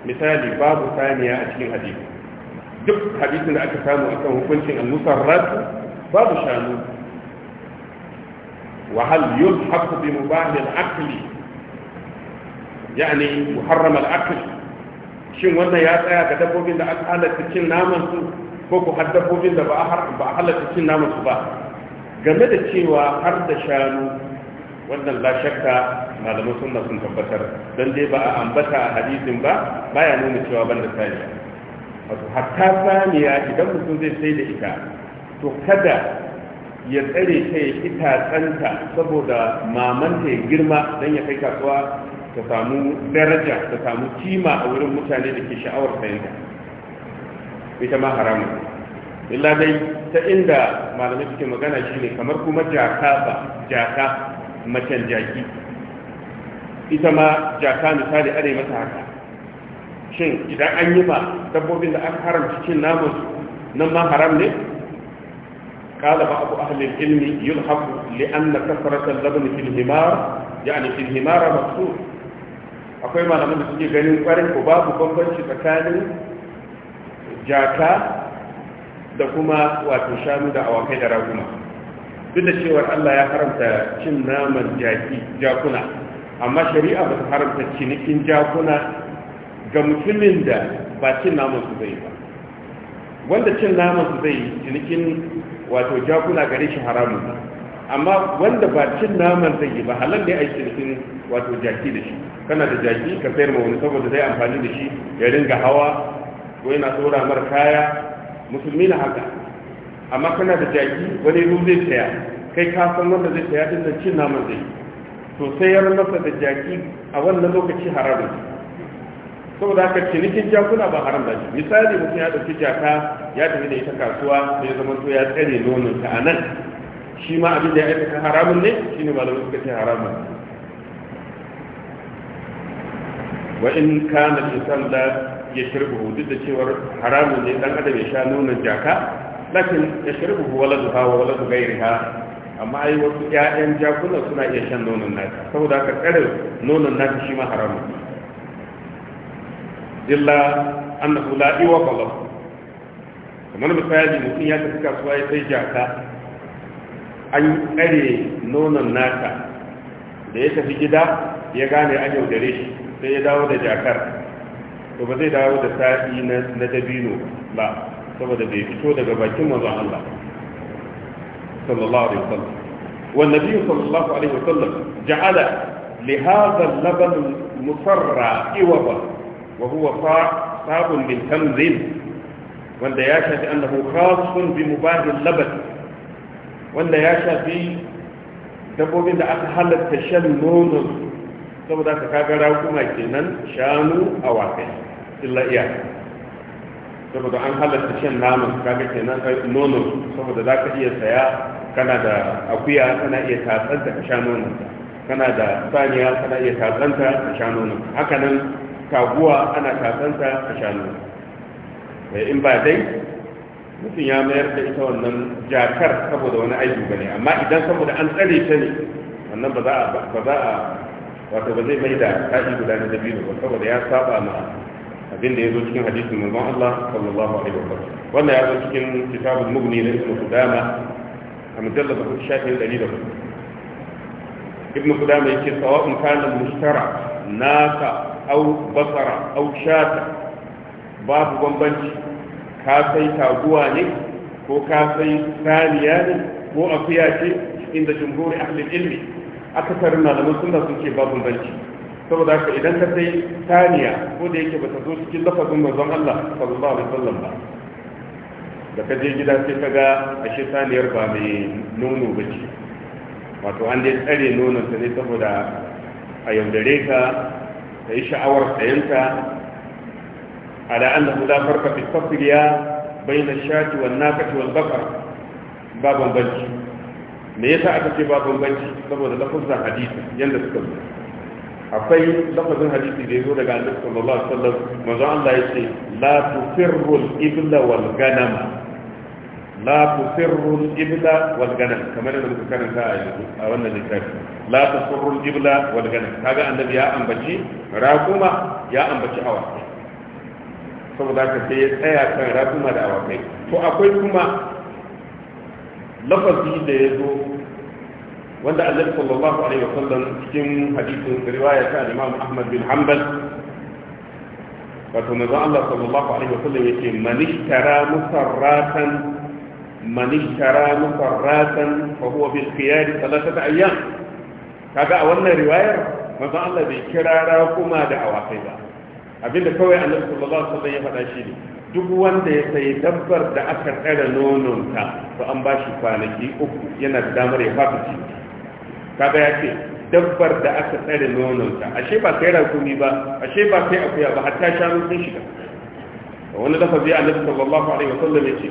A: misali babu saniya a cikin hadisi duk hadisin da aka samu akan hukuncin al ratu babu shanu وهل يلحق بمباح ya'ani يعني محرم العقل shin wannan ya tsaya ga dabbobin da aka halatta cin naman su ko ku har dabbobin da ba a halatta cin naman su ba game da cewa har da shanu wannan la shakka malaman sunna sun tabbatar dan dai ba a ambata a hadisin ba baya nuna cewa banda saniya wato hatta saniya idan mutum zai sai da ita to kada ya tsare kai tsanta saboda mamanta ya girma dan ya kai kasuwa ta samu daraja ta samu kima a wurin mutane da ke sha'awar sayanta ita ma haramun illa dai ta inda malamai suke magana shine kamar kuma jaka ba jaka macen jaki ita ma jaka misali ana mata haka shin idan an yi ma dabbobin da aka haramta cin naman nan ma haram ne قال بعض أهل ilmi يلحق لأن كثرة اللبن في الهمار يعني في الهمار مقصود akwai malamin da suke ganin kwarin ko babu bambanci tsakanin jaka da kuma wato shanu da awakai da raguna duk da cewar Allah ya haramta cin naman jaki jakuna amma shari'a ba ta haramta cinikin jakuna ga mutumin da ba cin naman su zai ba wanda cin naman su zai cinikin wato jakuna gare shi haramu amma wanda ba cin naman zai yi ba da ne a cinikin wato jaki da shi kana da jaki ka sayar ma wani saboda zai amfani da shi ya ringa hawa ko yana tsora mara kaya musulmi na haka amma kana da jaki wani ruwa zai saya kai ka san wanda zai saya din da cin naman zai to sayar masa da jaki a wannan lokaci haramun saboda haka cinikin jakuna ba haram ba shi misali mutum ya ɗauki jaka ya tafi da ita kasuwa sai zama to ya tsare nonon ta a nan shi ma abin da ya aikata haramun ne shine malamai suka ce haramun wa in kana insan ya yashrubu duk da cewar haramun ne dan adam ya sha nonon jaka lakin wala waladuha wa gairi ha amma ai wasu ƴaƴan jakuna suna iya shan nonon naka saboda haka tsare nonon naka shi ma haramun illa annahu la iwa qala kamar misali mutum ya tafi kasuwa ya sai jaka an tsare nonon naka da ya tafi gida ya gane an yaudare shi sai ya dawo da jakar to ba zai dawo da sa'i na dabino ba saboda bai fito daga bakin manzon Allah sallallahu alaihi wasallam wal nabi sallallahu alaihi wasallam ja'ala li hadha al-laban musarra iwaba wa huwa sabun min tamzin wanda ya shafi annahu khasun bi mubahi al-laban wanda ya shafi dabbobin da aka halatta shan nonon saboda ka kaga raƙuma kenan shanu a awakai illa iya saboda an halatta shan naman kaga kenan nono saboda za ka iya saya kana da akuya kana iya tatsanta da sha nono kana da saniya kana iya tatsanta da sha nono haka nan kaguwa ana tatsanta da sha nonon eh, in ba dai mutum ya mayar da ita wannan jakar saboda wani aiki bane amma idan saboda an tsare ta ne wannan ba za a wato ba zai mai da kashi guda na dabino ba saboda ya saba ma abin da ya zo cikin hadisin manzon Allah sallallahu alaihi wa sallam wannan ya zo cikin kitabul mughni na ibnu qudama a mujallad shafin 100 ibnu qudama yake sawa'un kana mushtara naka au basara au shata babu bambanci ka sai taguwa ne ko ka sai saniya ne ko akuya ce inda jumhuri ahlul ilmi tarin malaman suna sun ce babu banci saboda haka idan ka sai saniya ko da yake bata zo cikin lafazin manzon Allah sallallahu alaihi wasallam ba da ka je gida sai ka ga ashe saniyar ba mai nono ba ce wato an dai tsare nonon ta ne saboda a yaudare ka ta yi sha'awar sayanta ala annahu la farqa fi tafriya bayna shati wan naqati wal baqar ba bambanci me yasa aka ce ba bambanci saboda lafazin hadisi yadda suka zo akwai lafazin hadisi da ya zo daga Annabi sallallahu alaihi wasallam manzo Allah yace la tusirru al-ibla wal ganam la tusirru al-ibla wal ganam kamar da muka karanta a yanzu a wannan littafi la tusirru al-ibla wal ganam kaga Annabi ya ambaci raquma ya ambaci awakai saboda haka sai ya tsaya kan raquma da awakai to akwai kuma lafazi da ya zo wanda annabi sallallahu alaihi wasallam cikin hadisin riwaya ta Imam Ahmad bin Hanbal wato manzo Allah sallallahu alaihi wasallam yace man ishtara musarratan man ishtara musarratan fa huwa bil khiyar thalathata ayyam kaga a wannan riwayar manzo Allah bai kira kuma da awakai ba abinda kawai annabi sallallahu alaihi wasallam ya faɗa shi ne duk wanda ya sayi dabbar da aka tsara nononta to an ba shi kwanaki uku yana da damar ya fafi ci kaga ya ce dabbar da aka tsara nononta ashe ba kai rakumi ba ashe ba kai akuya ba hatta shanu sun shiga wani lafazi annabi sallallahu alaihi wasallam ya ce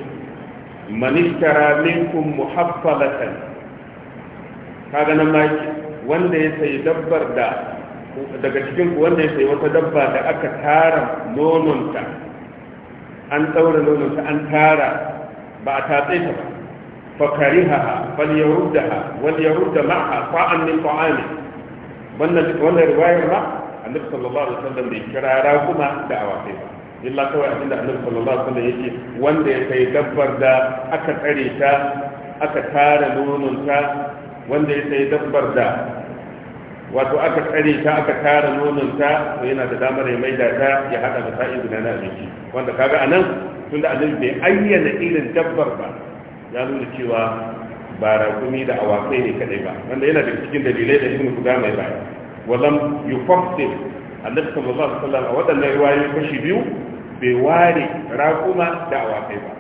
A: man ishtara minkum muhaffalatan kaga nan ma wanda ya sayi dabbar da daga cikin wanda ya sayi wata dabba da aka tara nononta an daura launinta an tara ba a tatse ta ba fakariha bal yaruddaha wal yarudda ma'ha fa'an min ta'ami wannan wannan riwayar ba annabi sallallahu alaihi wasallam bai kira raguma da awakai ba illa kawai abinda annabi sallallahu alaihi wasallam yake wanda ya kai dabbar da aka tsare ta aka tara nononta wanda ya sai dabbar da wato aka tsare ta aka tara nonon ta to yana da damar ya maida ta ya hada da sa'in guda na abinci wanda kaga anan tun da annabi bai ayyana irin dabbar ba ya nuna cewa ba raƙumi da awakai ne kadai ba wanda yana da cikin dalilai da ibnu mai ba walam yufassir annabi sallallahu alaihi wasallam a wadannan riwayoyi kashi biyu bai ware raƙuma da awakai ba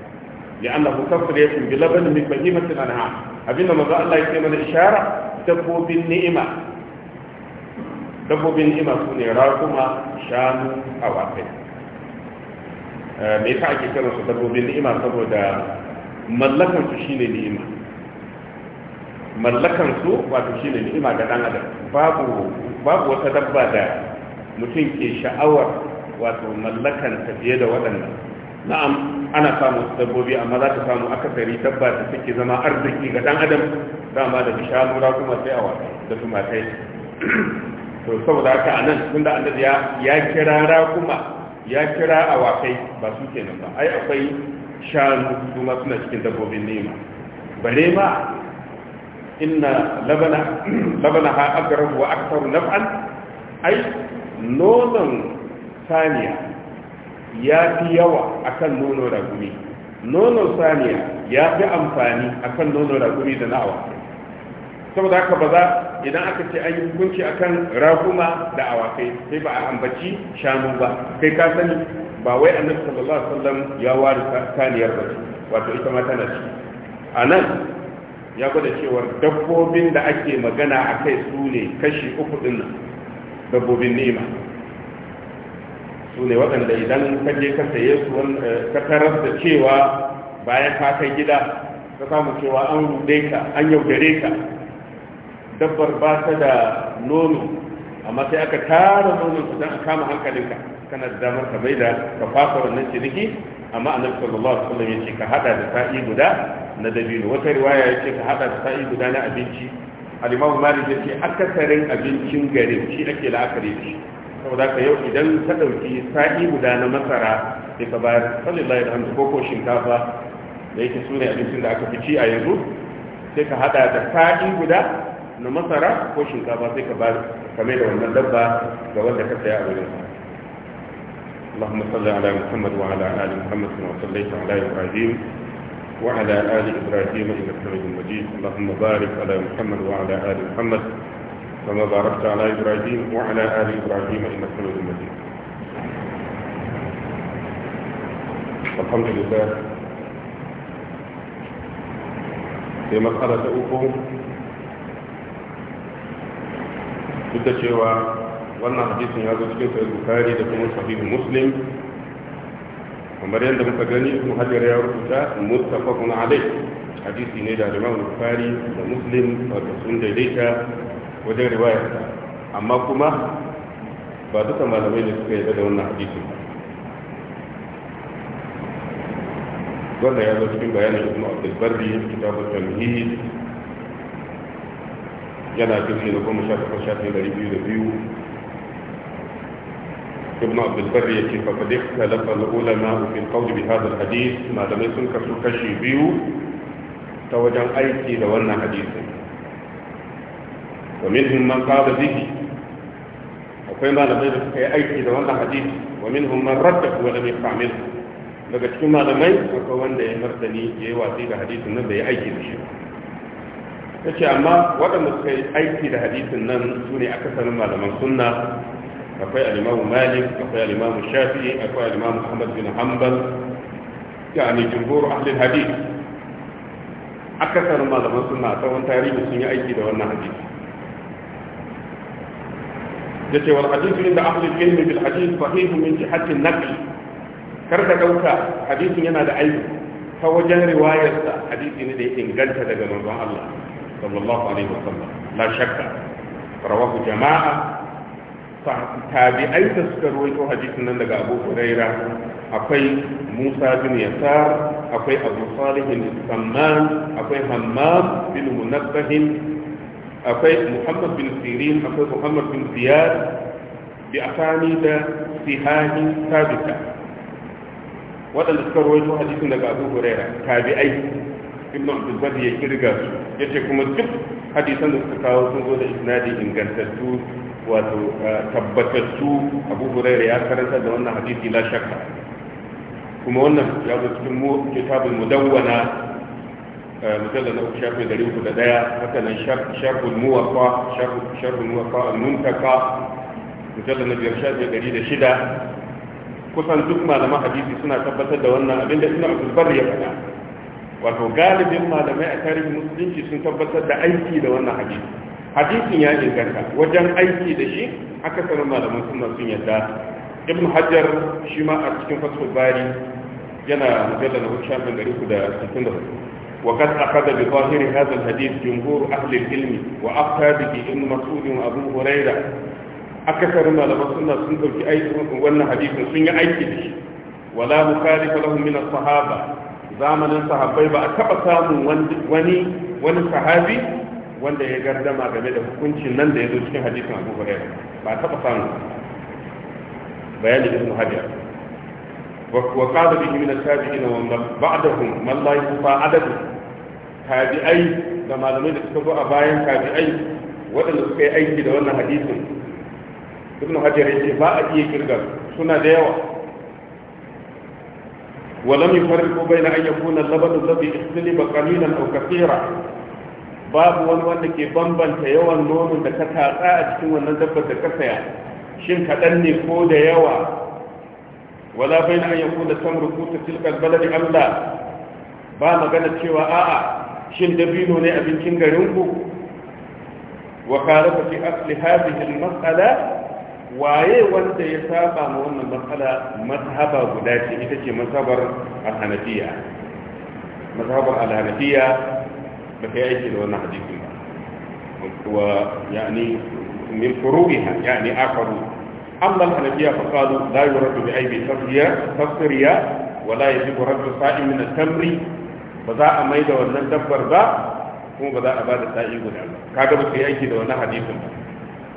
A: لأنه تصرية بلبن من بهيمة الأنعام أبينا ما الله يسمى الإشارة تبو بالنئمة dabbobin ni'ima su ne rakuma shanu awakai eh, me yasa ake kira su dabbobin ni'ima saboda mallakan su shine ni'ima mallakan su wato shine ni'ima ga dan adam babu babu wata dabba da mutum ke sha'awar wato mallakan ta fiye da waɗannan na'am ana samun dabbobi amma za ta samu akasari dabba da take zama arziki ga dan adam dama da shanu rakuma sai awakai da tumatai to saboda haka a nan tunda annabi ya ya kira rakuma ya kira a awakai ba su kenan ba ai akwai shanu su ma suna cikin dabbobin nema bare ma inna labana labana ha agrahu wa aktharu naf'an ai nonon saniya ya fi yawa akan nono ragumi nonon saniya ya fi amfani akan nono ragumi da na'awa saboda haka ba za idan aka ce an yi hukunci akan raguma da awakai sai ba a ambaci shanu ba kai ka sani ba wai annabi sallallahu alaihi wasallam ya ware taniyar ba wato ita ma tana ci a nan ya gwada cewa dabbobin da ake magana a kai su ne kashi uku din nan dabbobin nema su ne waɗanda idan ka je ka saye su ka tarar da cewa bayan ka kai gida ka samu cewa an rude ka an yaudare ka dabbar ba ta da nono amma sai aka tara nonon su don a kama hankalinka kana da damar ka bai da ka fasa wannan ciniki amma annabi sallallahu alaihi wasallam yace ka hada da sa'i guda na dabino wata riwaya yace ka hada da sa'i guda na abinci al-imam malik yace akasarin abincin gari shi ake la'akari da shi saboda ka yau idan ka dauki sa'i guda na masara sai ka bayar sallallahu alaihi wasallam ko shinkafa da yake sune abincin da aka fi ci a yanzu sai ka hada da sa'i guda na masara ko shinkafa sai ka ba kame da wannan dabba ga wanda ka saya a wurin اللهم صل على محمد وعلى ال محمد كما صليت على ابراهيم وعلى ال ابراهيم انك حميد مجيد اللهم بارك على محمد وعلى ال محمد كما باركت على ابراهيم وعلى ال ابراهيم انك حميد مجيد الحمد لله في مسألة أخرى duk da cewa wannan hadisin ya zo cikin sahih bukhari da kuma sahih muslim kamar yadda muka gani ibn hajar ya rubuta muttafaqun alayh hadisi ne da imam bukhari da muslim wato sun daidaita wajen riwaya amma kuma ba duka malamai ne suka yarda da wannan hadisin wannan ya zo cikin bayanin ibn abdul barri kitabul tamhid yana jirgi da goma sha takwas shafi biyu da biyu ابن عبد البر يكي فقد اختلف العلماء في القول بهذا الحديث ما لم يكن كشي بيو توجن أيتي لولنا حديثا ومنهم من قال به وكما لم يكن أيتي لولنا حديث ومنهم من رده ولم يستعمله لقد كما لم يكن وأن يمرتني يواتي لحديث النبي أيتي بشيء
B: ce amma
A: waɗanda suka yi aiki da hadisin nan su ne akasarin malaman sunna akwai alimamu malik akwai alimamu Shafi akwai alimamu ahmad bin hanbal yani jumhur ahlul hadith akasarin malaman sunna a tsawon tarihi sun yi aiki da wannan hadisi da ce wal hadisi inda ahlul ilmi bil hadith sahih min jihati naql kar ka dauka hadisin yana da aiki ta wajen riwayarsa hadisi ne da ya inganta daga manzon Allah sallallahu alaihi wasallam la shakka rawahu jama'a tabi'ai da suka ruwaito hadisin nan daga Abu Huraira akwai Musa bin Yasar akwai Abu Salih bin akwai Hammam bin Munabbah akwai Muhammad bin Sirin akwai Muhammad bin Ziyad bi asani da sihahi sabita waɗanda suka ruwaito hadisin daga ibn abdul ya kirga su yace kuma duk hadisan da suka kawo sun zo da isnadi ingantattu wato tabbatattu abu hurairah ya karanta da wannan hadisi la shakka kuma wannan ya zo cikin mu kitabul mudawwana mujallal na shafi dari uku da daya haka nan shafi muwaffa sharhul muwaffa al-muntaka mujallal na biyar shafi dari da shida kusan duk malaman hadisi suna tabbatar da wannan abinda suna abdul ya faɗa wato galibin malamai a tarihin musulunci sun tabbatar da aiki da wannan hadisi hadisin ya inganta wajen aiki da shi akasarin malaman sunna sun yadda ibn hajar shi ma a cikin fasul bari yana mujalla na shafin da uku da sittin da hudu وقد أخذ بظاهر هذا الحديث جمهور أهل العلم وأفتى به ابن مسعود وأبو sun أكثر ما لما wannan سنة sun yi aiki سنة أي ولا مخالف لهم من الصحابة zamanin sahabbai ba a taɓa samun wani wani sahabi wanda ya gardama game da hukuncin nan da ya zo cikin hadisin abu hurairah ba a taɓa samun bayanin ibn hajar wa qala bihi min at ina wanda man ba'dahum man la yufa adadu tabi'ai da malamai da suka zo a bayan tabi'ai waɗanda suka yi aiki da wannan hadisin ibn hajar yake ba a iya kirga suna da yawa ولم يفرقوا بين أن يكون اللبن الذي اختلف قليلا أو كثيرا babu wani wanda ke bambanta yawan nonon da ka tatsa a cikin wannan dabbar da ka saya shin kaɗan ne ko da yawa wala bai na yanku da samar kuta tilkar balari allah ba magana cewa a'a shin dabino ne abincin garinku wa kare fi asli hadhihi al-mas'ala waye wanda ya saba ma wannan matsala mazhaba guda ce ita ce mazhabar al-hanafiya mazhabar al-hanafiya ba ta yake da wannan hadisi ba wa yani min furuha yani akaru amma al-hanafiya fa qalu la yuradu bi aibi tafriya tafriya wala la yajibu raddu sa'im min al-tamri ba za a maida wannan dabbar ba kuma ba za a bada sa'i guda ba kaga ba ta yake da wannan hadisin ba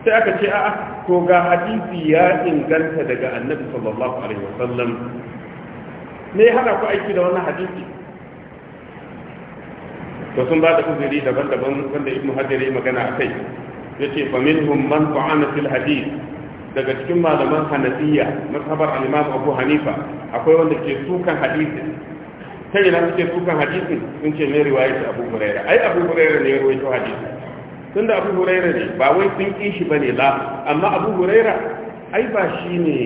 A: sai aka ce a'a to ga hadisi ya inganta daga annabi sallallahu alaihi wasallam me ya hana ku aiki da wannan hadisi to sun ba da uzuri daban-daban wanda ibnu hajar ya magana a kai yace fa minhum man ta'ana fil hadith daga cikin malaman hanafiya mazhabar al-imam abu hanifa akwai wanda ke sukan hadisin sai ina suke sukan hadisin sun ce ne riwayat abu hurairah ai abu hurairah ne ya rawaito hadisin tun da abu huraira ne ba wai sun ƙi shi ba ne la amma abu huraira ai ba shi ne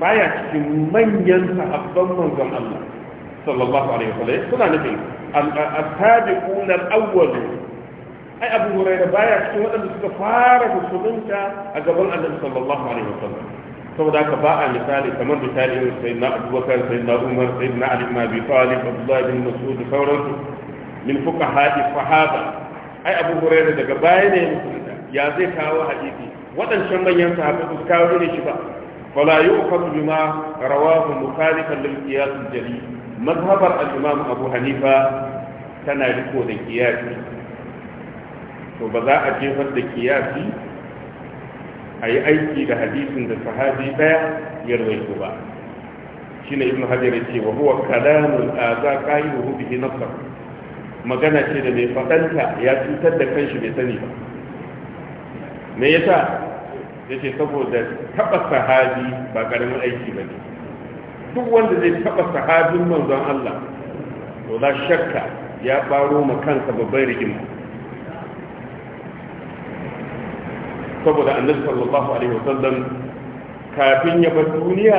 A: baya cikin manyan sahabban manzon Allah sallallahu alaihi wasallam suna nufin al-sabiquna al awwal ai abu huraira baya cikin wadanda suka fara musulunta a gaban Allah sallallahu alaihi wasallam saboda haka ba a misali kamar misali irin sayyidina abubakar na umar sai na ali ibn abi talib abdullah ibn mas'ud sauransu min fuqaha'i sahaba ai abu da daga baya ne ya zai kawo hadisi waɗancan manyan sahabbai su kawo ne shi ba fala yuqatu bima rawahu mukhalifan lil qiyas al jali mazhabar al imam abu hanifa tana riko da kiyasi to ba za a jefar da kiyasi a aiki da hadisin da sahabi daya ya rawaito ba shine ibn hajar ya ce wa huwa kalamul aza qailuhu bihi nafsuhu magana ce da mai faɗanta ya cutar da kan shi mai sani ba me yasa ce saboda taɓa sahabi ba ƙaramin aiki ba ne duk wanda zai taɓa sahabin manzon Allah to za shakka ya ɓaro ma kansa babban rigima saboda annabi sallallahu alaihi sallam kafin ya bar duniya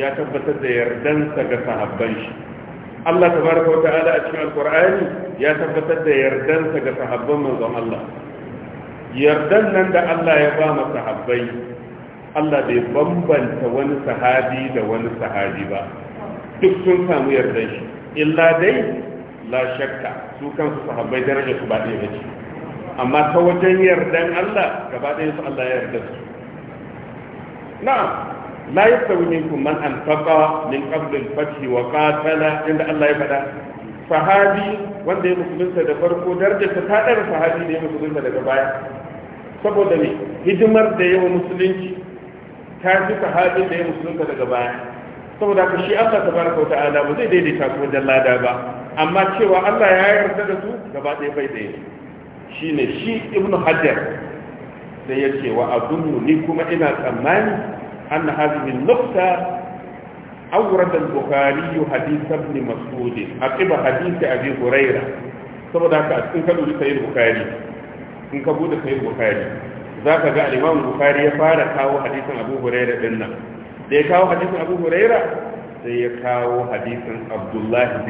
A: ya tabbatar da yardansa ga sahabban shi Allah wata ala a cikin alkur'ani ya tabbatar da yardansa ga sahabban manzon Allah yardan nan da Allah ya ba mu sahabbai Allah bai bambanta wani sahabi da wani sahabi ba duk sun samu yardan shi illa dai la shakka su kansu sahabbai daraja su ba ɗaya ce amma ta wajen yardan Allah gaba ɗaya su Allah ya yarda su na'am la yastawi minkum man anfaqa min qabl al-fath wa qatala inda Allah ya faɗa sahabi wanda ya musulunta da farko darajarsa ta ɗara sahabi da ya musulunta daga baya saboda ne hidimar da yawa musulunci ta fi sahabin da ya musulunta daga baya saboda ka shi Allah ta baraka wata ala ba zai daidaita su da lada ba amma cewa Allah ya yarda da su gaba ɗaya bai ɗaya shi ne shi ibnu hajar da ya ce wa abunmu ni kuma ina tsammani أن هذه النقطة أورد البخاري حديث ابن مسعود عقب حديث أبي هريرة saboda a cikin kadu sai bukari in ka bude sai bukari za ka ga al bukari ya fara kawo hadisin abu huraira nan da ya kawo hadisin abu huraira sai ya kawo hadisin abdullahi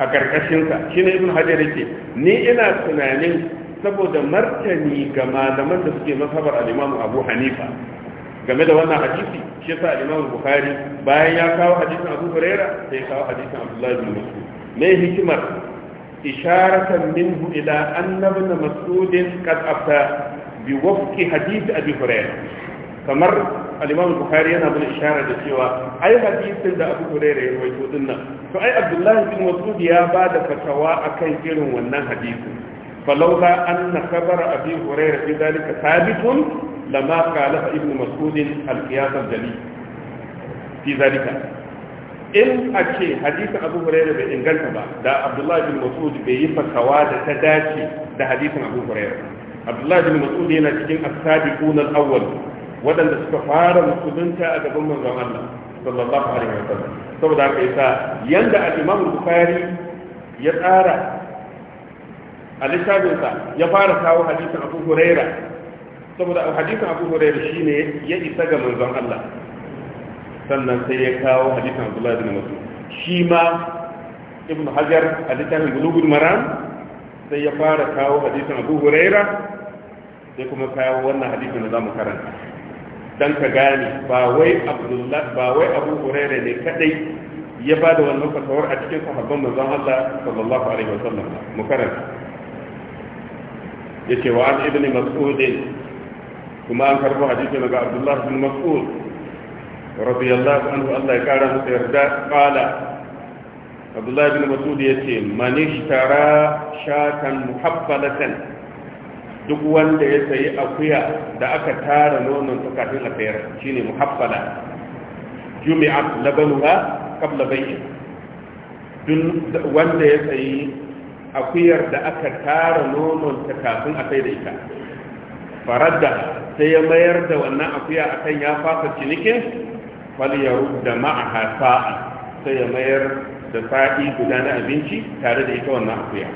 A: a karkashin shi shine ibn hajar yake ni ina tunanin saboda martani ga malaman da suke mazhabar al-imam abu hanifa game da wannan hadisi shi yasa Imam Bukhari bayan ya kawo hadisin Abu Huraira sai ya kawo hadisin Abdullah bin Mas'ud me hikimar isharatan minhu ila anna ibn Mas'ud qad afta bi wafqi hadisi Abi Huraira kamar al-Imam Bukhari yana bin ishara da cewa ai hadisin da Abu Huraira ya rawaito din nan to ai Abdullah bin Mas'ud ya ba da fatawa akan irin wannan hadisin فلولا أن خبر أبي هريرة في ذلك ثابت لما خالف ابن مسعود القياس الجلي في ذلك in a ce hadisin abu huraira bai inganta ba da abdullahi bin masud bai yi fasawa da ta dace da hadisin abu huraira abdullahi bin masud yana cikin as-sabiqun al waɗanda suka fara musulunta a gaban manzon Allah sallallahu alaihi wa sallam saboda haka yasa yanda al-imam bukhari ya tsara a littafinsa ya fara kawo hadisin abu huraira saboda hadisan abu hurairu shi ne ya isa ga manzon Allah sannan sai ya kawo hadisan abdullahi bin mas'ud shi ma ibn hajar a littafin bulugul maram sai ya fara kawo hadisan abu huraira sai kuma kawo wannan hadisin da zamu karanta dan ka gane ba wai abdullahi ba abu huraira ne kadai ya ba da wannan fatawar a cikin sahabban manzon Allah sallallahu alaihi wa sallam, mu karanta yace wa an ibn mas'ud kuma an karbo hadisi daga abdullahi bin mas'ud radiyallahu anhu Allah ya kara masa yarda qala abdullahi bin mas'ud yace man ishtara shatan muhabbalatan duk wanda ya sayi akuya da aka tara nonon ta kafin a sayar shine muhabbala jumi'at labanuha qabla bay'i duk wanda ya sayi akuyar da aka tara nonon ta kafin a sai da ita faradda sai ya mayar da wannan akuya a kan ya fasa cinikin fal ya rudda ma'aha sa'a sai ya mayar da sa'i guda na abinci tare da ita wannan akuya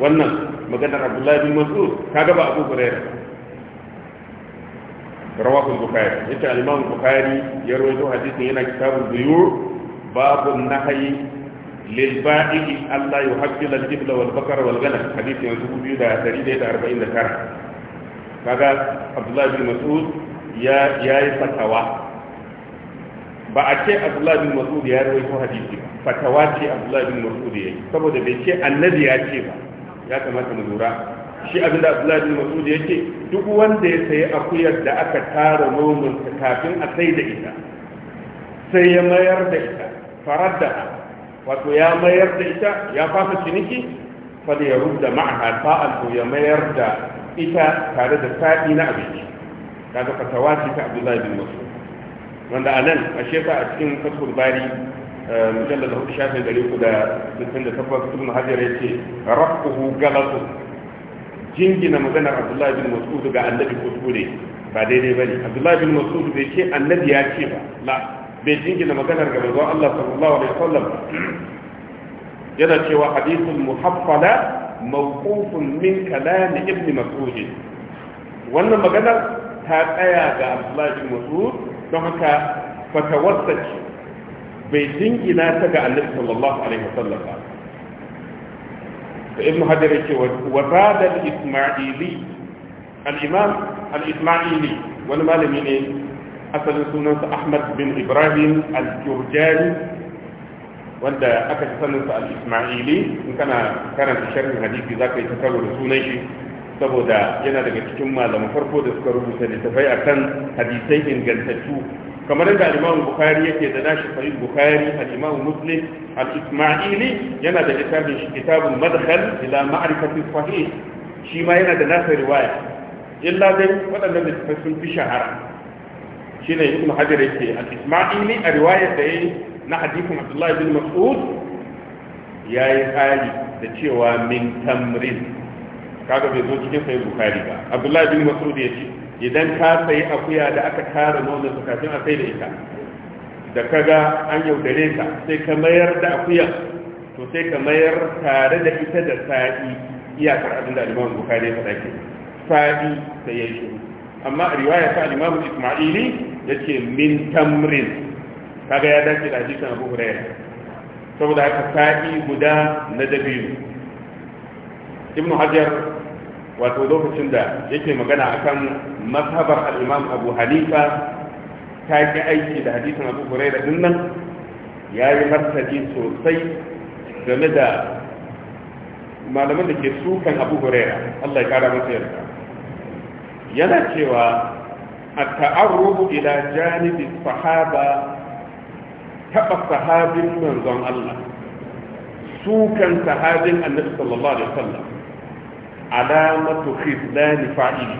A: wannan maganar abdullahi bin mas'ud ta gaba abu hurairah rawahu bukhari ita al-imam bukhari ya rawaito hadisin yana kitabun buyur babu nahyi lil ba'i Allah yuhaqqil al-jibla wal bakara wal ghanam hadisin 2249 kaga abdullahi bin mas'ud ya yi fatawa ba a ce abdullahi bin mas'ud ya rawaito hadisi ba fatawa ce abdullahi bin mas'ud ya yi saboda bai ce annabi ya ce ba ya kamata mu lura shi abin da abdullahi bin mas'ud ya ce duk wanda ya sayi akuyar da aka tara nonon kafin a sai da ita sai ya mayar da ita farar da wato ya mayar da ita ya fasa ciniki fada ya rubda ma'aha sa'an to ya mayar da ita tare da sa'i na abinci kaga fatawa ce ta abdullahi bin mas'ud wanda a nan a shefa a cikin fasfur bari eh, mujallar da hudu shafin gari ku da sittin da tabbas ibn hajar ya ce rafuhu galatu jingina maganar abdullahi bin mas'ud ga annabi ko kuskure ba daidai ba ne abdullahi bin mas'ud bai ce annabi ya ce ba la bai jingina maganar ga manzon Allah sallallahu alaihi wasallam yana cewa hadithul muhaffala mawqufun min kalami ibn mas'ud wannan magana ta tsaya ga Abdullahi ibn Mas'ud don haka fatawassa ce bai dingina ta ga Annabi sallallahu alaihi wasallam ba ibn Hajar yake wa zada al-Isma'ili al-Imam al-Isma'ili wani malami ne asalin sunansa Ahmad bin Ibrahim al-Jurjani wanda aka fi sanin al-isma'ili in kana karanta sharhin hadisi zaka yi ta karo da sunan shi saboda yana daga cikin malaman farko da suka rubuta littafai akan hadisai ingantattu kamar yadda al-Imam Bukhari yake da nashi sahih Bukhari al-Imam Muslim al-Isma'ili yana da littafin shi kitabun madhal ila ma'rifati sahih shi ma yana da nasa riwaya illa dai waɗannan littafai sun fi shahara shine Ibn Hajar yake al-Isma'ili a riwayar da yayi na hadithin abdullahi bin mas'ud ya yi tsari da cewa min tamrin kaga bai zo cikin sayin bukari ba abdullahi bin mas'ud ya ce idan ka sayi akuya da aka tara nonon su kafin a sai da ita da kaga an yaudare ka sai ka mayar da akuya to sai ka mayar tare da ita da sa'i iyakar abinda da alimamu bukari ya faɗa ke sa'i sai ya yi amma a riwaya ta alimamu ismaili ya ce min tamrin kaga ya dace da hadisin abu huraira saboda haka sa'i guda na dabiyu. ibn hajar wato lokacin da yake magana akan mazhabar al-imam abu hanifa ta ki aiki da hadisin abu huraira din nan ya yi martani sosai game da malaman da ke sukan abu huraira allah ya kara masa yarda yana cewa a ta'arrubu ila janibi sahaba taba sahabin manzon Allah sukan sahabin annabi sallallahu alaihi wasallam alamatu khizlan fa'ili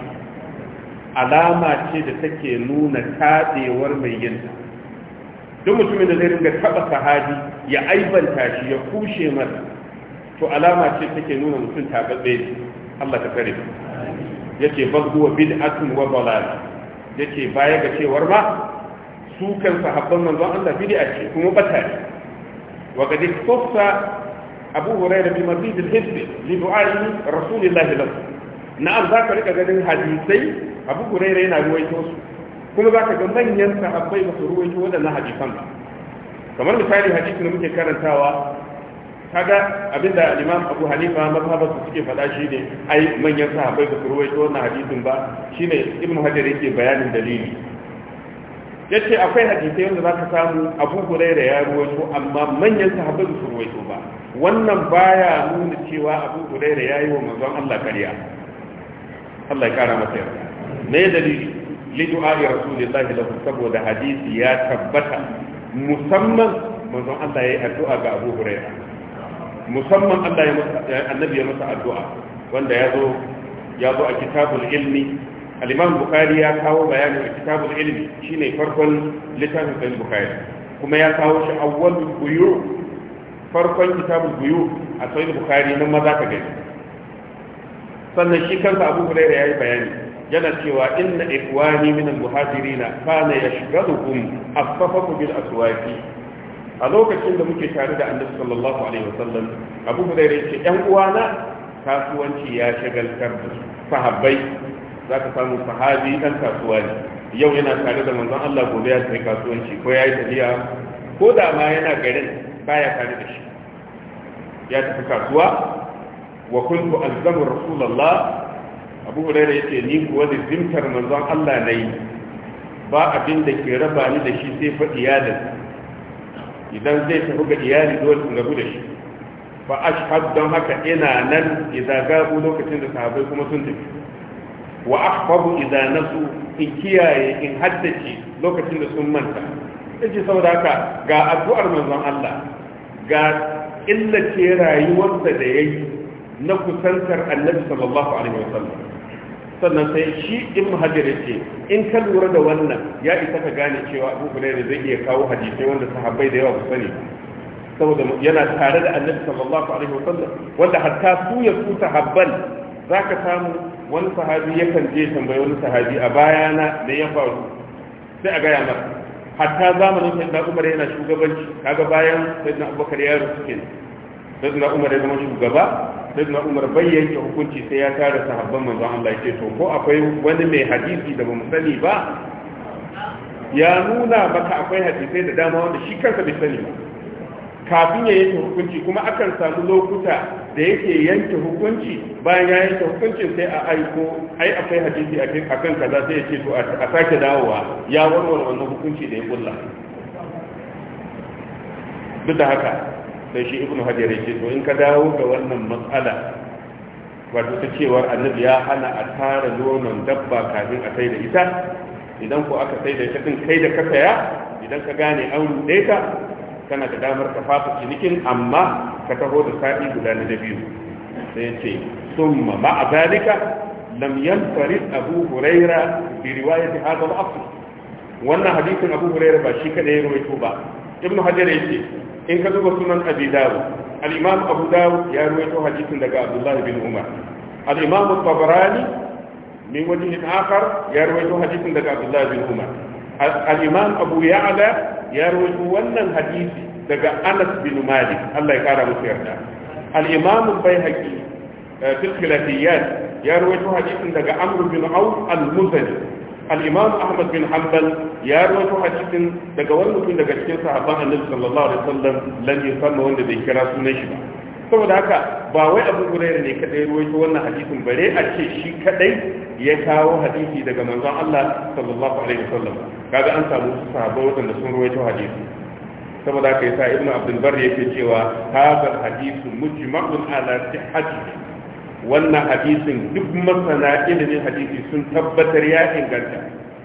A: alama ce da take nuna tadewar mai yin duk mutumin da zai ringa taba sahabi ya aibanta shi ya kushe masa to alama ce take nuna mutum tabatse Allah ta kare yake bal bid'atun wa dalal yake baya ga cewar ba sukan sahabban manzon Allah a ce kuma bata ne wa kad ikhtassa Abu Hurairah bi mazid al-hifz li du'ai Rasulillah lahu na'am zaka rika ganin hadisai Abu Hurairah yana ruwaito su kuma zaka ga manyan sahabbai ba su ruwaito wadannan hadisan ba kamar misali hadisin da muke karantawa kaga abinda imam abu hanifa mazhabar su suke faɗa shi ne ai manyan sahabbai ba su ruwaito wannan hadisin ba shine ibnu hajar yake bayanin dalili ya ce akwai hadisai wanda za ka samu abu huraira ya ruwaito amma manyan sahabbai su ruwaito ba wannan baya nuna cewa abu huraira ya yi wa manzon Allah kariya Allah ya kara masa yarda me dalili li ya rasulullahi lahu saboda hadisi ya tabbata musamman manzon Allah ya yi addu'a ga abu huraira musamman Allah ya masa annabi ya masa addu'a wanda ya zo ya zo a kitabul ilmi al-imam ya kawo bayanin a kitabun ilimi. Shi ne farkon littafin ɗin bukhari kuma ya kawo shi awwalul buyu farkon kitabun buyu a sahih bukhari na maza ka gani sannan shi kansa abu ya yi bayani yana cewa inna ikwani min al-muhajirin kana yashghaluhum as-safafu bil asuwaki. a lokacin da muke tare da annabi sallallahu alaihi wasallam abu ya ce yan uwana kasuwanci ya shagaltar da su sahabbai za ka samu sahabi ɗan kasuwa ne yau yana tare da manzon Allah gobe ya sai kasuwanci ko ya yi tafiya ko da ma yana garin baya tare da shi ya tafi kasuwa wa kuntu alzamu rasulullah abu hurairah yace ni kuwa da zimtar manzon Allah nayi ba abin da ke raba ni da shi sai fa iyalin idan zai tafi ga iyali dole in rabu da shi fa ashhadu don haka ina nan idan ga lokacin da sahabbai kuma sun tafi wa ahfazu idza nasu in kiyaye in haddace lokacin da sun manta yace saboda haka ga addu'ar manzon Allah ga ce rayuwarsa da yayi na kusantar annabi sallallahu alaihi wasallam sannan sai shi in muhajir yace in ka lura da wannan ya isa ka gane cewa Abu Hurairah zai iya kawo hadisi wanda sahabbai da yawa ba sani saboda yana tare da annabi sallallahu alaihi wasallam wanda hatta su ya su sahabban za ka samu wani sahabi yakan je tambayi wani sahabi a bayana da ya faru sai a gaya masa hatta zamanin da umar yana shugabanci kaga bayan da abubakar ya ke. sai da umar ya zama shugaba da umar bai yanke hukunci sai ya tara sahabban manzon Allah yake to ko akwai wani mai hadisi da bamu sani ba ya nuna maka akwai hadisai da dama wanda shi kansa bai sani ba kafin ya yanke hukunci kuma akan samu lokuta da yake yanke hukunci bayan ya yanke hukuncin sai a aiko ai akwai hadisi a kan kaza sai ya ce to a sake dawowa ya warware wannan hukunci da ya kulla duk da haka sai shi ibnu hajar ya ce to in ka dawo ga wannan matsala wato ta cewar annabi ya hana a tara nonon dabba kafin a sai da ita idan ko aka sai da ita din kai da kasaya, idan ka gane an rude kana da damar ka fafa cinikin amma ka taho da sa'i guda na biyu sai ce summa ma'a zalika lam yanfarid abu huraira bi riwayati hadha al-asl wannan hadisin abu huraira ba shi kadai ruwaito ba ibnu hajar yace in ka duba sunan abi dawo al-imam abu dawo ya ruwaito hadisin daga abdullah bin umar al-imam at-tabarani min wajhin akhar ya ruwaito hadisin daga abdullah bin umar الإمام أبو يعلى يروي ونن حديث دقى أنس بن مالك الله يكرم سيرنا الإمام البيهقي في الخلافيات يروي حديث دقى عمرو بن عوف المزني الإمام أحمد بن حنبل يروي حديث دقى ونن دقى شكل صحابة النبي صلى الله عليه وسلم لن يسمى ونن ذكرى سنشبه saboda haka ba wai abu hurairu ne kadai ruwaito wannan hadisin bare a ce shi kadai ya kawo hadisi daga manzon Allah sallallahu alaihi wasallam kaga an samu su sahaba wadanda sun ruwaito hadisi saboda haka yasa ibnu abdul bar yake cewa hadha hadithu mujma'un ala sihhati wannan hadisin duk masana ilimin hadisi sun tabbatar ya inganta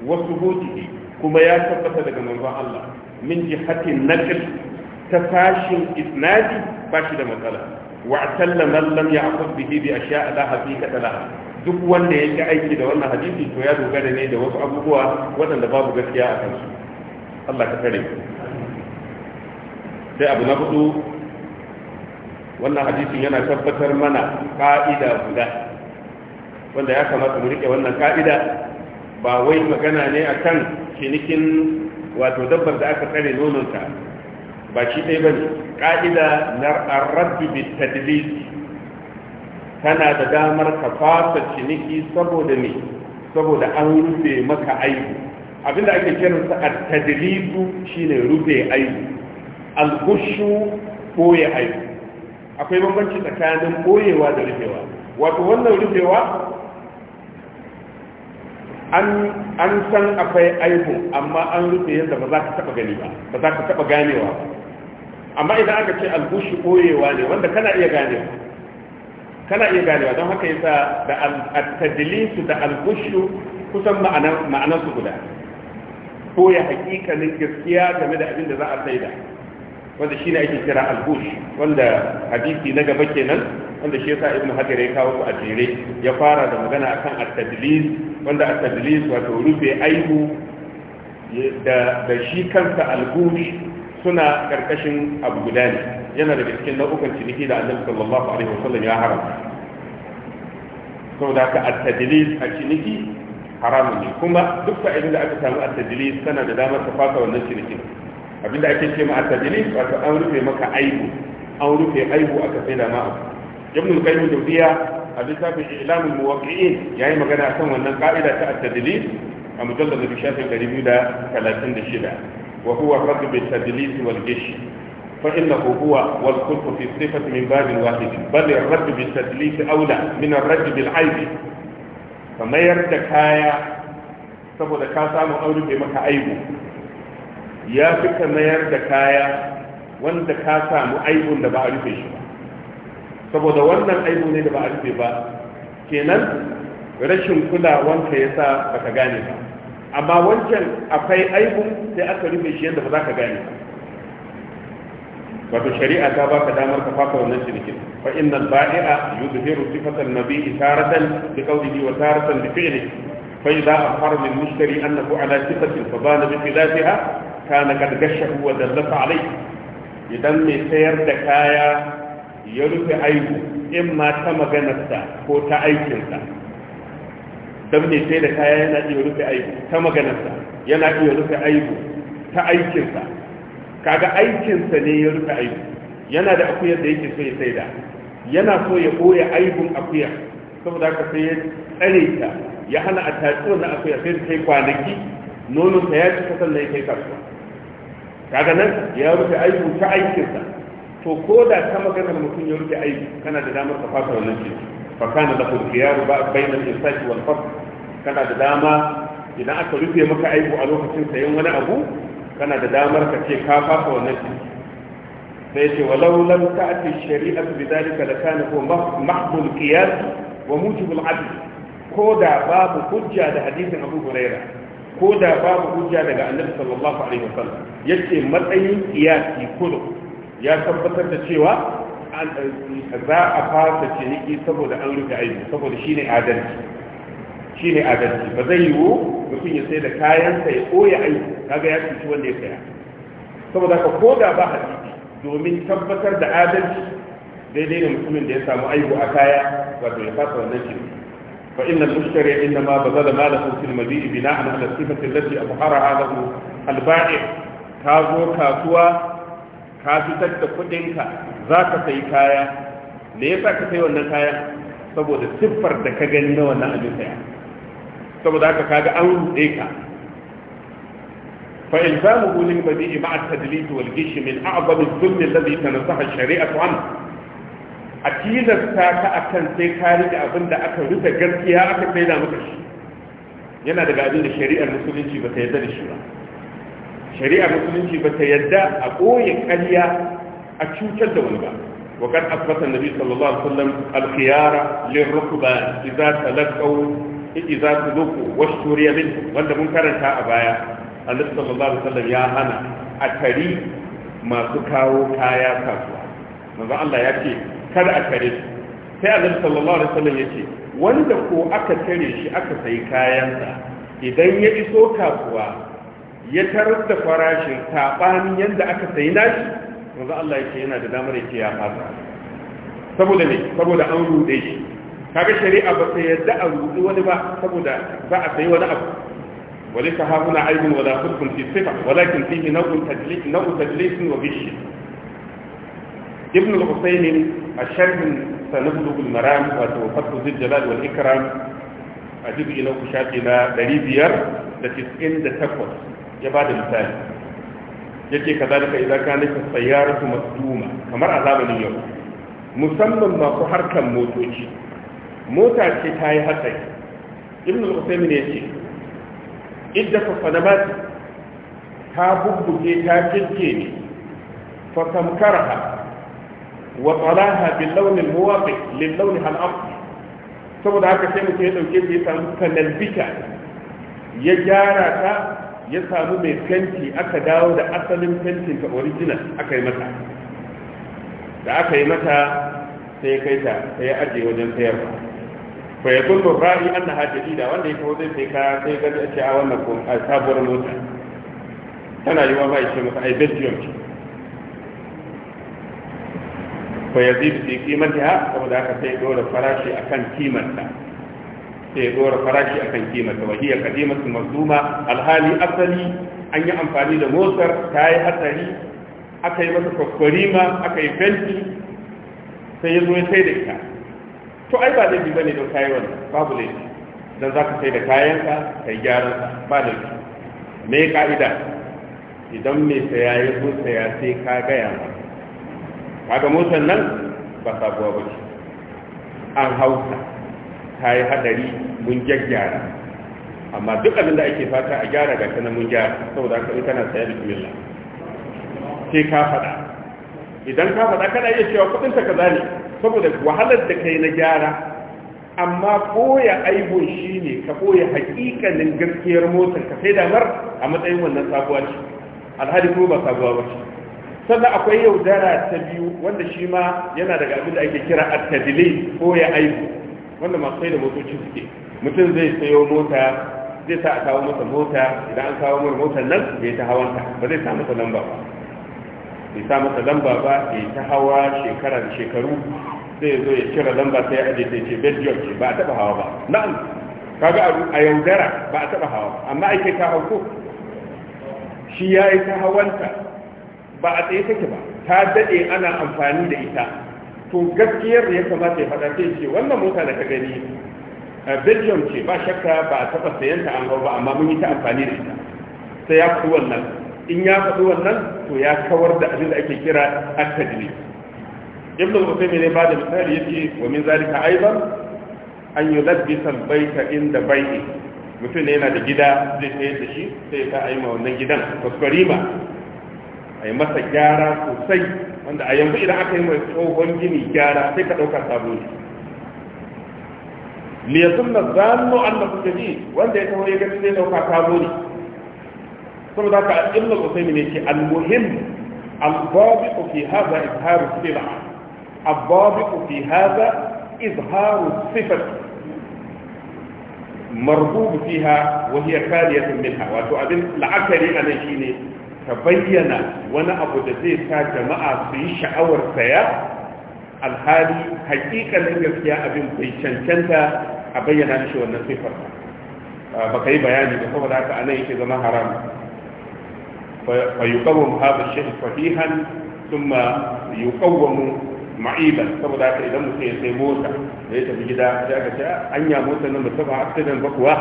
A: wasu hujji kuma ya tabbata daga manzon Allah min jihatin naql ta fashin isnadi ba shi da matsala wa sallama lam ya'khudh bihi bi ashya'a la haqiqata laha duk wanda ya yi aiki da wannan hadisi to ya dogara ne da wasu abubuwa waɗanda babu gaskiya a kansu Allah ka kare sai abu na hudu wannan hadisin yana tabbatar mana ka'ida guda wanda ya kamata mu rike wannan ka'ida ba wai magana ne akan cinikin wato dabbar da aka tsare nononta ba shi ɗaya ba ne ƙa'ida na arrabi bi tadlis kana da damar ka fasa ciniki saboda ne saboda an rufe maka aibu abinda ake kiransa a tadlisu shine rufe aibu algushu boye aibu akwai bambanci tsakanin boyewa da rufewa wato wannan rufewa an san akwai aibu amma an rufe yadda ba za ka taba gani ba ba za ka taba ganewa ba amma idan aka ce albushi koyewa ne wanda kana iya ganewa kana iya ganewa don haka yasa da at-tadlisu da albushu kusan ma'anar ma'anar su guda hakika hakikanin gaskiya game da abin da za a saida wanda shi ne ake kira albush wanda hadisi na gaba kenan wanda shi yasa ibnu hajar ya kawo a jere ya fara da magana akan at-tadlis wanda at-tadlis wato rufe aihu, da da shi kansa albush suna karkashin abu guda ne yana daga cikin nau'ukan ciniki da annabi sallallahu alaihi wasallam ya haramta saboda haka at-tadlis a ciniki haramun ne kuma duk sa'ilin da aka samu at-tadlis tana da damar ka fasa wannan cinikin abinda ake ce ma at-tadlis wato an rufe maka aibu an rufe aibu aka sai da ma abu ibn al-qayyim jawziya a littafin ilamul muwaqqi'in yayi magana akan wannan ka'ida ta at-tadlis a mujallad bi shafin 236 وهو الرد بالتدليس والجش فإنه هو والخلق في الصفة من باب واحد بل الرد بالتدليس أولى من الرد بالعيب فما يرد كايا saboda ka samu an rufe maka aibu ya fi mayar da kaya wanda ka samu aibun da ba a rufe shi ba saboda wannan aibu ne da ba a rufe ba kenan rashin kulawanka ya sa baka gane ba amma wancan akwai aibun sai aka rufe shi yadda ba za ka gane wato shari'a ta ba ka damar ka faka wannan cinikin fa inna al-ba'i'a yudhiru sifatan nabi taratan bi qawlihi wa taratan bi fi'li fa idha afhara min mushtari annahu ala sifatin fa bana bi khilafiha kana qad gashahu wa dallata alayhi idan mai sayar da kaya ya rufe aibu in ma ta maganarsa ko ta aikinsa don sai da kaya yana iya rufe aibu ta maganarsa yana iya rufe aibu ta aikinsa kaga aikinsa ne ya rufe aibu yana da akuyar da yake so ya saida yana so ya ɓoye aibun akuyar saboda haka sai ya tsare ta ya hana a tatsuwa na akuyar sai ta kai kwanaki nonon ta ya ci kasan na ya kai kasuwa kaga nan ya rufe aibu ta aikinsa to ko da ta maganar mutum ya rufe aibu kana da damar ka fasa wannan ce fa kana da kurkiyaru ba al-insati wal fasl kana da dama idan aka rufe maka aibu a lokacin sayan wani abu kana da damar ka ce ka fasa wannan shi sai ce walau lam ta'ti shari'atu bidalika la kana huwa mahdul qiyas wa mujibul adl ko da babu hujja da hadisin Abu Huraira ko da babu hujja daga Annabi sallallahu alaihi wasallam yace matsayin qiyasi kullu ya tabbatar da cewa za a fasa ciniki saboda an rufe aibu saboda shine adalci Shi ne adalci ba zai yiwu mutum ya sai da kayan kayansa ya koya aiki kaga ya cuci wanda ya saya saboda ka koda ba hadisi domin tabbatar da adalci daidai da mutumin da ya samu aiki a kaya wato ya fasa wannan shi fa inna al-mushtari inna ma bazala malahu fil mabi'i bina'an ala sifati allati abharaha lahu al-ba'i' ka zo kasuwa ka fitar da kudinka za ka sayi kaya me yasa ka sai wannan kaya saboda siffar da ka gani na wannan abin saya saboda haka kaga an rude ka fa ilzamuhu lil badi'i ma'a at-tadlis wal gish min a'zami adh-dhulm alladhi tanasaha ash-shari'atu an a tilasta ka akan sai ka rike abin da aka rufe gaskiya aka tsaida maka shi yana daga abin da shari'ar musulunci ba ta yadda da shi ba shari'ar musulunci ba ta yadda a koyi ƙarya a cutar da wani ba وقد أثبت النبي صلى الله عليه وسلم الخيار للركبان إذا تلقوا idi za su zo ku washturiya min wanda mun karanta a baya annabi sallallahu alaihi wasallam ya hana a tari masu kawo kaya kasuwa manzo Allah ya ce kada a kare su sai annabi sallallahu alaihi wasallam ya ce wanda ko aka tare shi aka sayi kayansa idan ya iso kasuwa ya tarar da farashin saɓanin yadda aka sayi nashi manzo Allah ya ce yana da damar ya ce ya fasa saboda ne saboda an rude shi kaga shari'a ba ta yadda a rubutu wani ba saboda ba a sayi wani abu Wani ta hahuna aibin wala hukun fi sifa walakin fihi na tajlis nau'un tajlis wa bishi ibn al-husayn a sharhin sanablu al-maram wa tawafatu zil jalal wal ikram a jibi na kushafi na ɗari biyar da da takwas, ya ba bada misali yake kazalika idan kana ka sayyaratu masduma kamar a zamanin yau musamman masu harkar motoci mota ce ta yi hatsari ibn al-usaimin ya ce idda fa ta bubbuke ta kirke ne fa tamkarha wa talaha bil lawn al muwafiq lil lawn al asli saboda haka sai mutum ya dauke ta ya samu bita, ya gyara ta ya samu mai fenti aka dawo da asalin fentin ta original aka yi mata da aka yi mata sai kai ta sai aje wajen sayarwa fa ya kullu ra'i annaha jadida wanda yake zai sai ka sai ga ce a wannan ko sabuwar mota tana yi yiwa ba shi masa ai belgium ce fa yazid fi qimatiha saboda haka sai dora farashi akan kimanta sai dora farashi akan kimanta wa hiya qadimatu mazluma alhali asali an yi amfani da motar ta yi hatsari aka yi masa kwakwarima aka yi fenti sai ya zo ya sai da ita to ai ba laifi bane don kayan wannan babu laifi dan zaka sai da kayanka kai gyaran ka ba laifi me ka'ida idan me saya ya zo saya sai ka gaya ma kaga motar nan ba sabuwa ba ce an hausa ta yi hadari mun gyaggyara amma duk abin da ake fata a gyara ga ta mun gyara saboda haka in kana saya bismillah sai ka faɗa idan ka faɗa kana iya cewa kuɗinta ka zane saboda wahalar da kai na gyara amma koya aibun shi ne ka koya hakikalin gaskiyar motar ka sai damar a matsayin wannan sabuwa ce alhali ko ba sabuwa ba ce sannan akwai yaudara ta biyu wanda shi ma yana daga abin da ake kira attadile koya ya aibu wanda masu sai da motoci suke mutum zai sayo mota zai sa a kawo masa mota idan an kawo mana motar nan zai ta hawanta ba zai sa ta lamba ba bai sa masa lamba ba ya ta hawa shekarar shekaru sai zo ya cire lamba sai ya aje sai ce belgium ce ba a taba hawa ba na'am kaga a yaudara ba a taba hawa amma ake ta hauko shi ya yi ta hawanta ba a tsaye take ba ta dade ana amfani da ita to gaskiyar da ya kamata ya faɗa sai ce wannan mota da ka gani belgium ce ba shakka ba a taba sayanta an hau ba amma mun yi ta amfani da ita sai ya fi wannan in ya faɗi wannan to ya kawar da abin da ake kira at ibn al-qayyim ne ba da misali yake wa min zalika aidan an yulabbisa al-bayta inda bai'i mutum ne yana da gida zai sayar da shi sai ka aima wannan gidan kwaskwarima a yi masa gyara sosai wanda a yanzu idan aka yi mai tsohon gini gyara sai ka ɗauka sabo ne liyasun na zanno an na kuka ji wanda ya tawo ya gani zai ɗauka sabo ne الضابط في هذا إظهار الصفة الضابط مربوب فيها وهي خالية منها وتؤذن العكري أن يشيني تبين وانا أبو دزيسا جماعة في شعور سيا الحالي حقيقة لن يفيا أبن بيشان كنتا أبين أنشو النصفة بقي بياني بخبرات أنا يشي زمان حرام فيقوم هذا الشيء صحيحا ثم يقوم ma'iban saboda haka idan mutum ya sai mota da ya tafi gida sai aka ce anya mota nan ba taba accident ba kuwa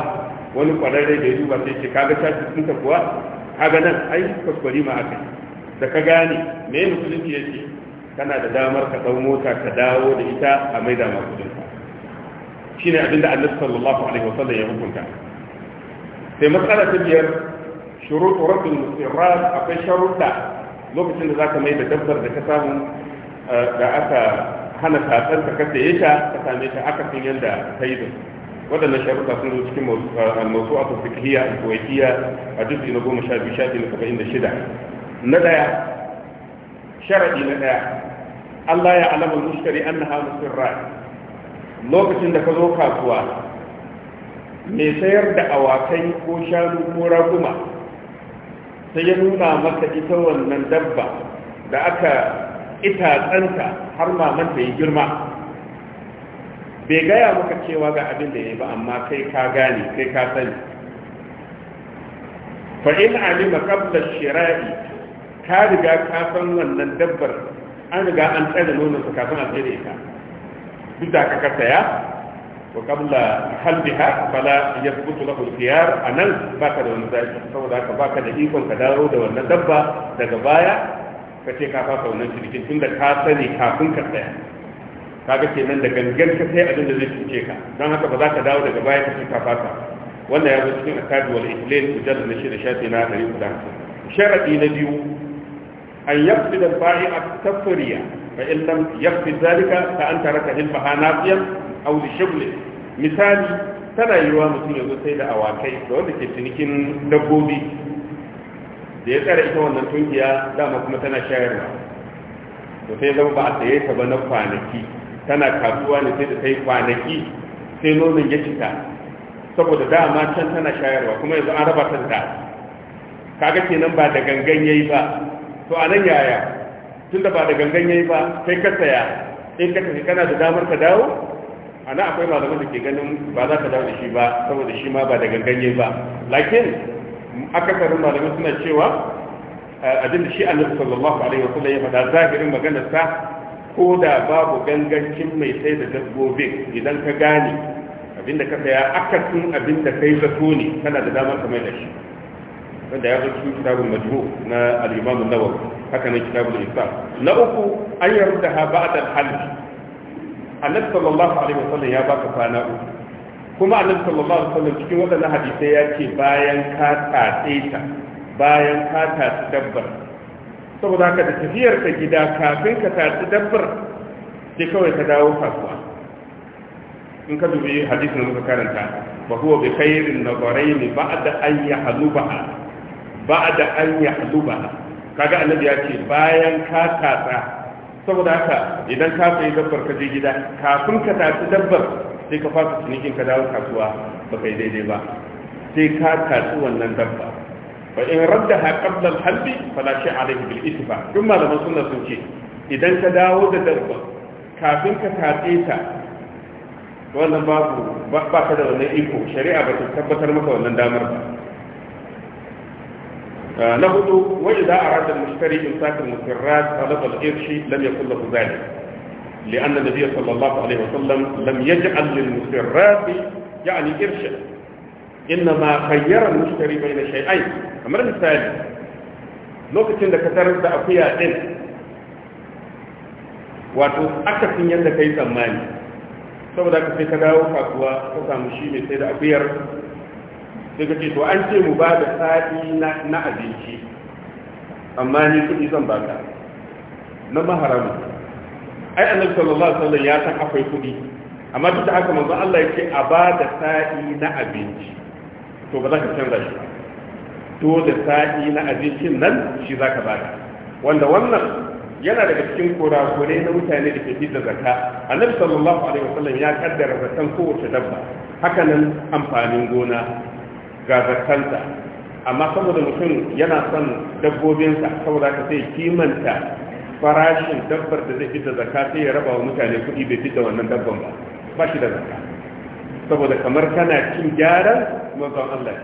A: wani kwararre da ya duba sai ce kaga ta cikin ta kuwa kaga nan ai kwaskwari ma aka da ka gane me musulunci yake kana da damar ka dau mota ka dawo da ita a maida ma kudin ka shine abinda da Annabi sallallahu alaihi wasallam ya hukunta sai matsala ta biyar shuruɗu rabbin musirar akwai sharuɗa lokacin da za ka mai da dabbar da ka samu da aka hana tatsar ka ya sha ka same ta aka fi yadda ta yi da waɗannan sharuɗa sun zo cikin masu a fasikiyya a kuwaitiyya a duk na goma sha biyu sha biyu na saba'in da shida na ɗaya sharaɗi na ɗaya Allah ya alama mushtari naha musirra. lokacin da ka zo kasuwa mai sayar da awakai ko shanu ko raguma sai ya nuna maka ita wannan dabba da aka ita tsanta har maman da ya girma bai gaya maka cewa ga abin da ya ba amma kai ka gane kai ka sani fa in alima qabla shira'i ka riga ka san wannan dabbar an riga an tsare nonon su kafin a tsere ka duk da ka saya wa qabla halbiha fala yathbutu lahu al-khiyar anan baka da wani zaki saboda ka baka da ikon ka dawo da wannan dabba daga baya ka ce ka fasa wannan cinikin tunda ka sani kafin ka tsaya kaga kenan da gangan ka sai abin da zai cuce ka don haka ba za ka dawo daga baya ka ce ka fasa wannan ya zo cikin akadu wal ihlal mujallad na shida shafi na 150 sharadi na biyu an yafsida bai'a tafriya fa in lam yakfi zalika fa an taraka hilmaha nafiyan aw li shughli misali tana yiwa mutum ya zo sai da awakai da wanda ke cinikin dabbobi da ya tsara ita wannan tunkiya dama kuma tana shayarwa to sai zama ba a saye ta ba na kwanaki tana kasuwa ne sai da sai kwanaki sai nonon ya cika saboda ma can tana shayarwa kuma yanzu an raba ta da kaga kenan ba da gangan yayi ba to a nan yaya tunda ba da gangan yayi ba sai ka saya in ka tafi kana da damar ka dawo ana akwai malaman da ke ganin ba za ka dawo da shi ba saboda shi ma ba da gangan yayi ba lakin akasarin malaman suna cewa eh, abin da shi annabi sallallahu alaihi wa sallam ya faɗa zahirin maganar sa ko da babu gangancin mai sai da dabbobin idan ka gane abinda ka saya akasin abinda kai zato ne kana da damar ka mai da shi wanda ya zo kitabun kitabul na al-imam an-nawawi haka nan kitabul islam na uku an yarda ha ba'da al-halq annabi sallallahu alaihi wasallam ya baka kwana uku kuma annabi sallallahu alaihi wasallam cikin wadannan hadisai ya ce bayan ka tatse ta bayan ka tatse dabbar saboda haka da tafiyar ka gida kafin ka tatse dabbar sai kawai ka dawo kasuwa in ka dubi hadisin da muka karanta ba huwa bi khairin nazaraini ba'da an yahlubaha ba'da an yahluba kaga annabi ya ce bayan ka tatsa saboda haka idan ka sayi dabbar ka je gida kafin ka tatsi dabbar sai ka fasa cinikin ka dawo kasuwa ba kai daidai ba sai ka tatsi wannan dabba fa in radda ha qabla al-halbi fala shi alayhi bil ittifa duk malaman sunna sun ce idan ka dawo da dabba kafin ka tatse ta wannan babu ba ka da wannan iko shari'a ba ta tabbatar maka wannan damar ba آه، نهض وإذا أراد المشتري إمساك المسرات طلب القرش لم يكن له ذلك لأن النبي صلى الله عليه وسلم لم يجعل للمسرات يعني قرشا إنما خير المشتري بين شيئين أمر مثال لو كنت لك ترد أخيا إن وتوس أكثر من يدك يتمان سوف تكفي كداو فقوة فقوة مشيمة سيد أخيار sai ka ce to an ce mu ba da sa'i na abinci amma ni kuɗi zan ba ka na maharamu ai annabi sallallahu alaihi wasallam ya san akwai kuɗi amma duk da haka manzo Allah ya ce a ba da sa'i na abinci to ba za ka canza shi To da sa'i na abincin nan shi za ka da wanda wannan yana daga cikin kurakure na mutane da ke fi da zaka annabi sallallahu alaihi wasallam ya kaddara zakan kowace dabba haka nan amfanin gona ga zakanta amma saboda mutum yana son dabbobinsa saboda ka sai kimanta farashin dabbar da zai fita zakka sai ya raba wa mutane kuɗi bai fita wannan dabban ba ba shi da zakka saboda kamar kana cin gyaran mazan Allah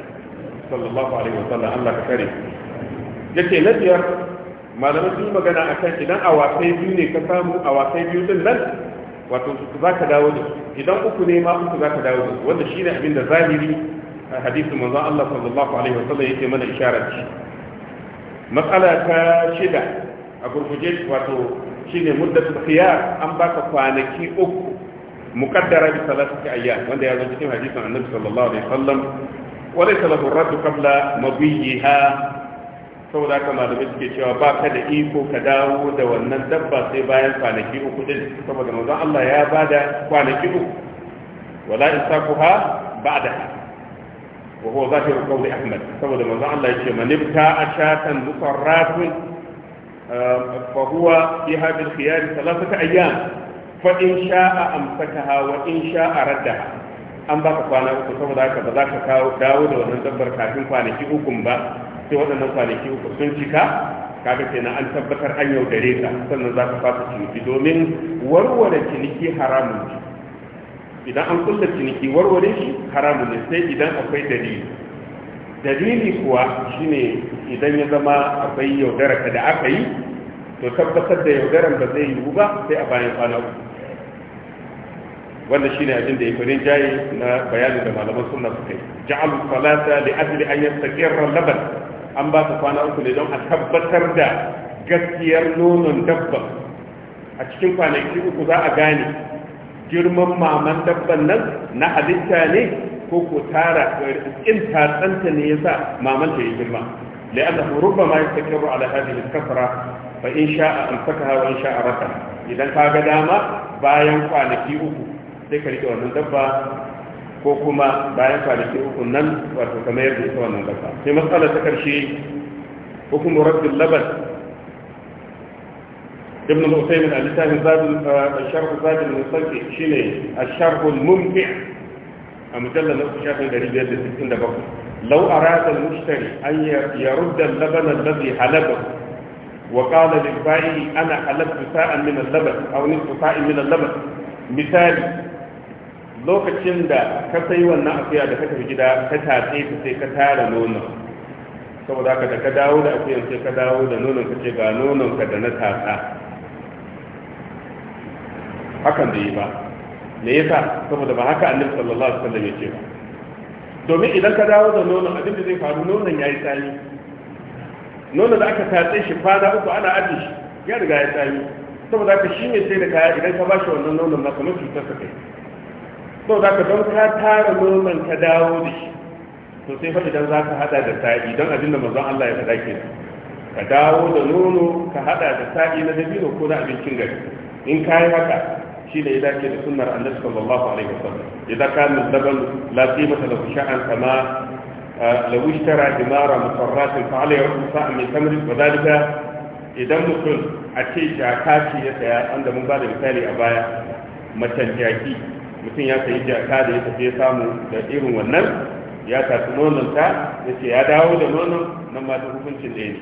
A: sallallahu alaihi wasallam Allah ka kare yace na biyar malamai sun magana akan idan awasai biyu ne ka samu awasai biyu din nan wato za ka dawo da idan uku ne ma uku za ka dawo da wanda shine abin da zahiri A hadisin manzon Allah sallallahu alaihi wasallam yake mana isharar shi matsala ta shida a gurguje wato shine muddatul khiyar an baka kwanaki uku muqaddara bi salatati ayyam wanda ya zo cikin hadisin annabi sallallahu alaihi wasallam walaysa lahu radd qabla mabiyiha saboda haka malamai suke cewa ba ka da iko ka dawo da wannan dabba sai bayan kwanaki uku din saboda manzon Allah ya bada kwanaki uku wala in insakuha ba'da wa huwa zahiru qawli ahmad saboda manzo Allah yace man ibta ashatan musarrafun fa huwa fi hadhihi al-khiyar thalathata ayyam fa in sha'a amsakaha wa in sha'a raddaha an baka kwana ba za ka kawo dawo da wannan dabbar kafin kwanaki uku ba sai waɗannan kwanaki uku sun cika kaga kenan an tabbatar an yaudare ta sannan za ka fasa ciniki domin warware ciniki haramun idan an kusa ciniki warware shi haramun ne sai idan akwai dalili dalili kuwa shine idan ya zama akwai yaudara da aka yi to tabbatar da yaudaran ba zai yiwu ba sai a bayan kwana uku wannan shine abin da ya farin jaye na bayanin da malaman sunna suka yi ja'alu salata li ajli an yastaqirra laban an ba su kwana uku ne don a tabbatar da gaskiyar nonon dabba a cikin kwanaki uku za a gane girman maman dabban nan na halitta ne ko ko tara in tatsanta ne yasa maman ta yi girma la'annahu rubbama yastaqirru ala hadhihi al-kasra fa in sha'a amsakaha hawa in sha'a raka idan ka ga dama bayan kwanaki uku sai ka rike wannan dabba ko kuma bayan kwanaki uku nan wato kamar yadda ita wannan dabba sai matsalar ta karshe hukumu rabbil laban ابن المسيب الثالث باب الشرح الباب المصدق شنو الشرح الممتع المجلد الشرح الجديد جلد 60 دقيقة لو أراد المشتري أن يرد اللبن الذي حلبه وقال للبائع أنا حلبت ساء من اللبن أو نصف ساء من اللبن مثال لو كتشن دا كتاي ونا أفيا دا كتاي جدا كتا تيت تي كتا دا نونا سو دا كتا كداو دا أفيا تي كداو دا نونا كتا نونا كتا نتا hakan da yi ba me yasa saboda ba haka annabi sallallahu alaihi wasallam ya ce ba domin idan ka dawo da nono abin da zai faru nonon yayi tsami nonon da aka tatse shi kwana uku ana aje shi ya riga ya tsami saboda haka shi ne sai da kaya idan ka bashi wannan nonon na kuma cutar sa kai saboda haka don ka tara nonon ka dawo da shi to sai fa idan za ka hada da sa'i don abin da manzon Allah ya faɗa kenan ka dawo da nono ka hada da sa'i na dabino ko na abincin gari in ka yi haka Shi ne ya dace da sunnar annabi sallallahu alaihi wasallam idan kana dabal la qimata lahu sha'an kama law ishtara imara mutarrat fa alayhi sa'am min tamr wa dalika idan mutum a ce jaka ce ya saya an da mun ba misali a baya macen jaki mutum ya sayi jaka da ya tafi samu da irin wannan ya tafi nonon ta ya ya dawo da nonon nan ma da hukuncin da ne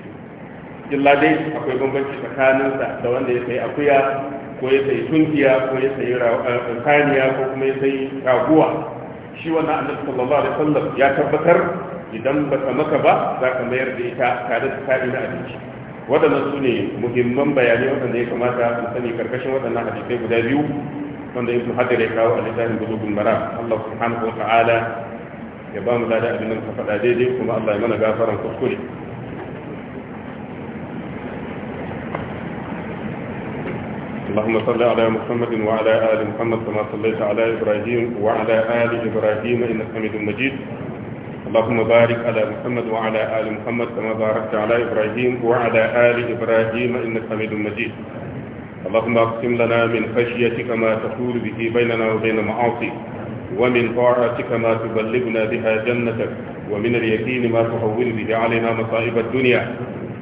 A: illa dai akwai bambanci tsakaninsa da wanda ya sayi akuya ko ya sayi tunkiya ko ya sayi eh, saniya ko kuma ya sayi raguwa shi wannan annabi sallallahu alaihi wasallam ya tabbatar idan baka maka ba za ka mayar da ita tare da sa'i na abinci waɗannan su ne muhimman bayanai waɗanda ya kamata mu sani karkashin waɗannan hadisai guda biyu wanda ibnu hajar ya kawo a littafin bulugun maram Allah subhanahu wa ta'ala ya ba mu da abin da faɗa daidai kuma Allah ya mana gafaran kuskure اللهم صل على محمد وعلى آل محمد كما صليت على إبراهيم وعلى آل إبراهيم إنك حميد مجيد اللهم بارك على محمد وعلى آل محمد كما باركت على إبراهيم وعلى آل إبراهيم إنك حميد مجيد
B: اللهم اقسم لنا من خشيتك ما تحول به بيننا وبين معاصيك ومن طاعتك ما تبلغنا بها جنتك ومن اليقين ما
A: تحول به علينا مصائب الدنيا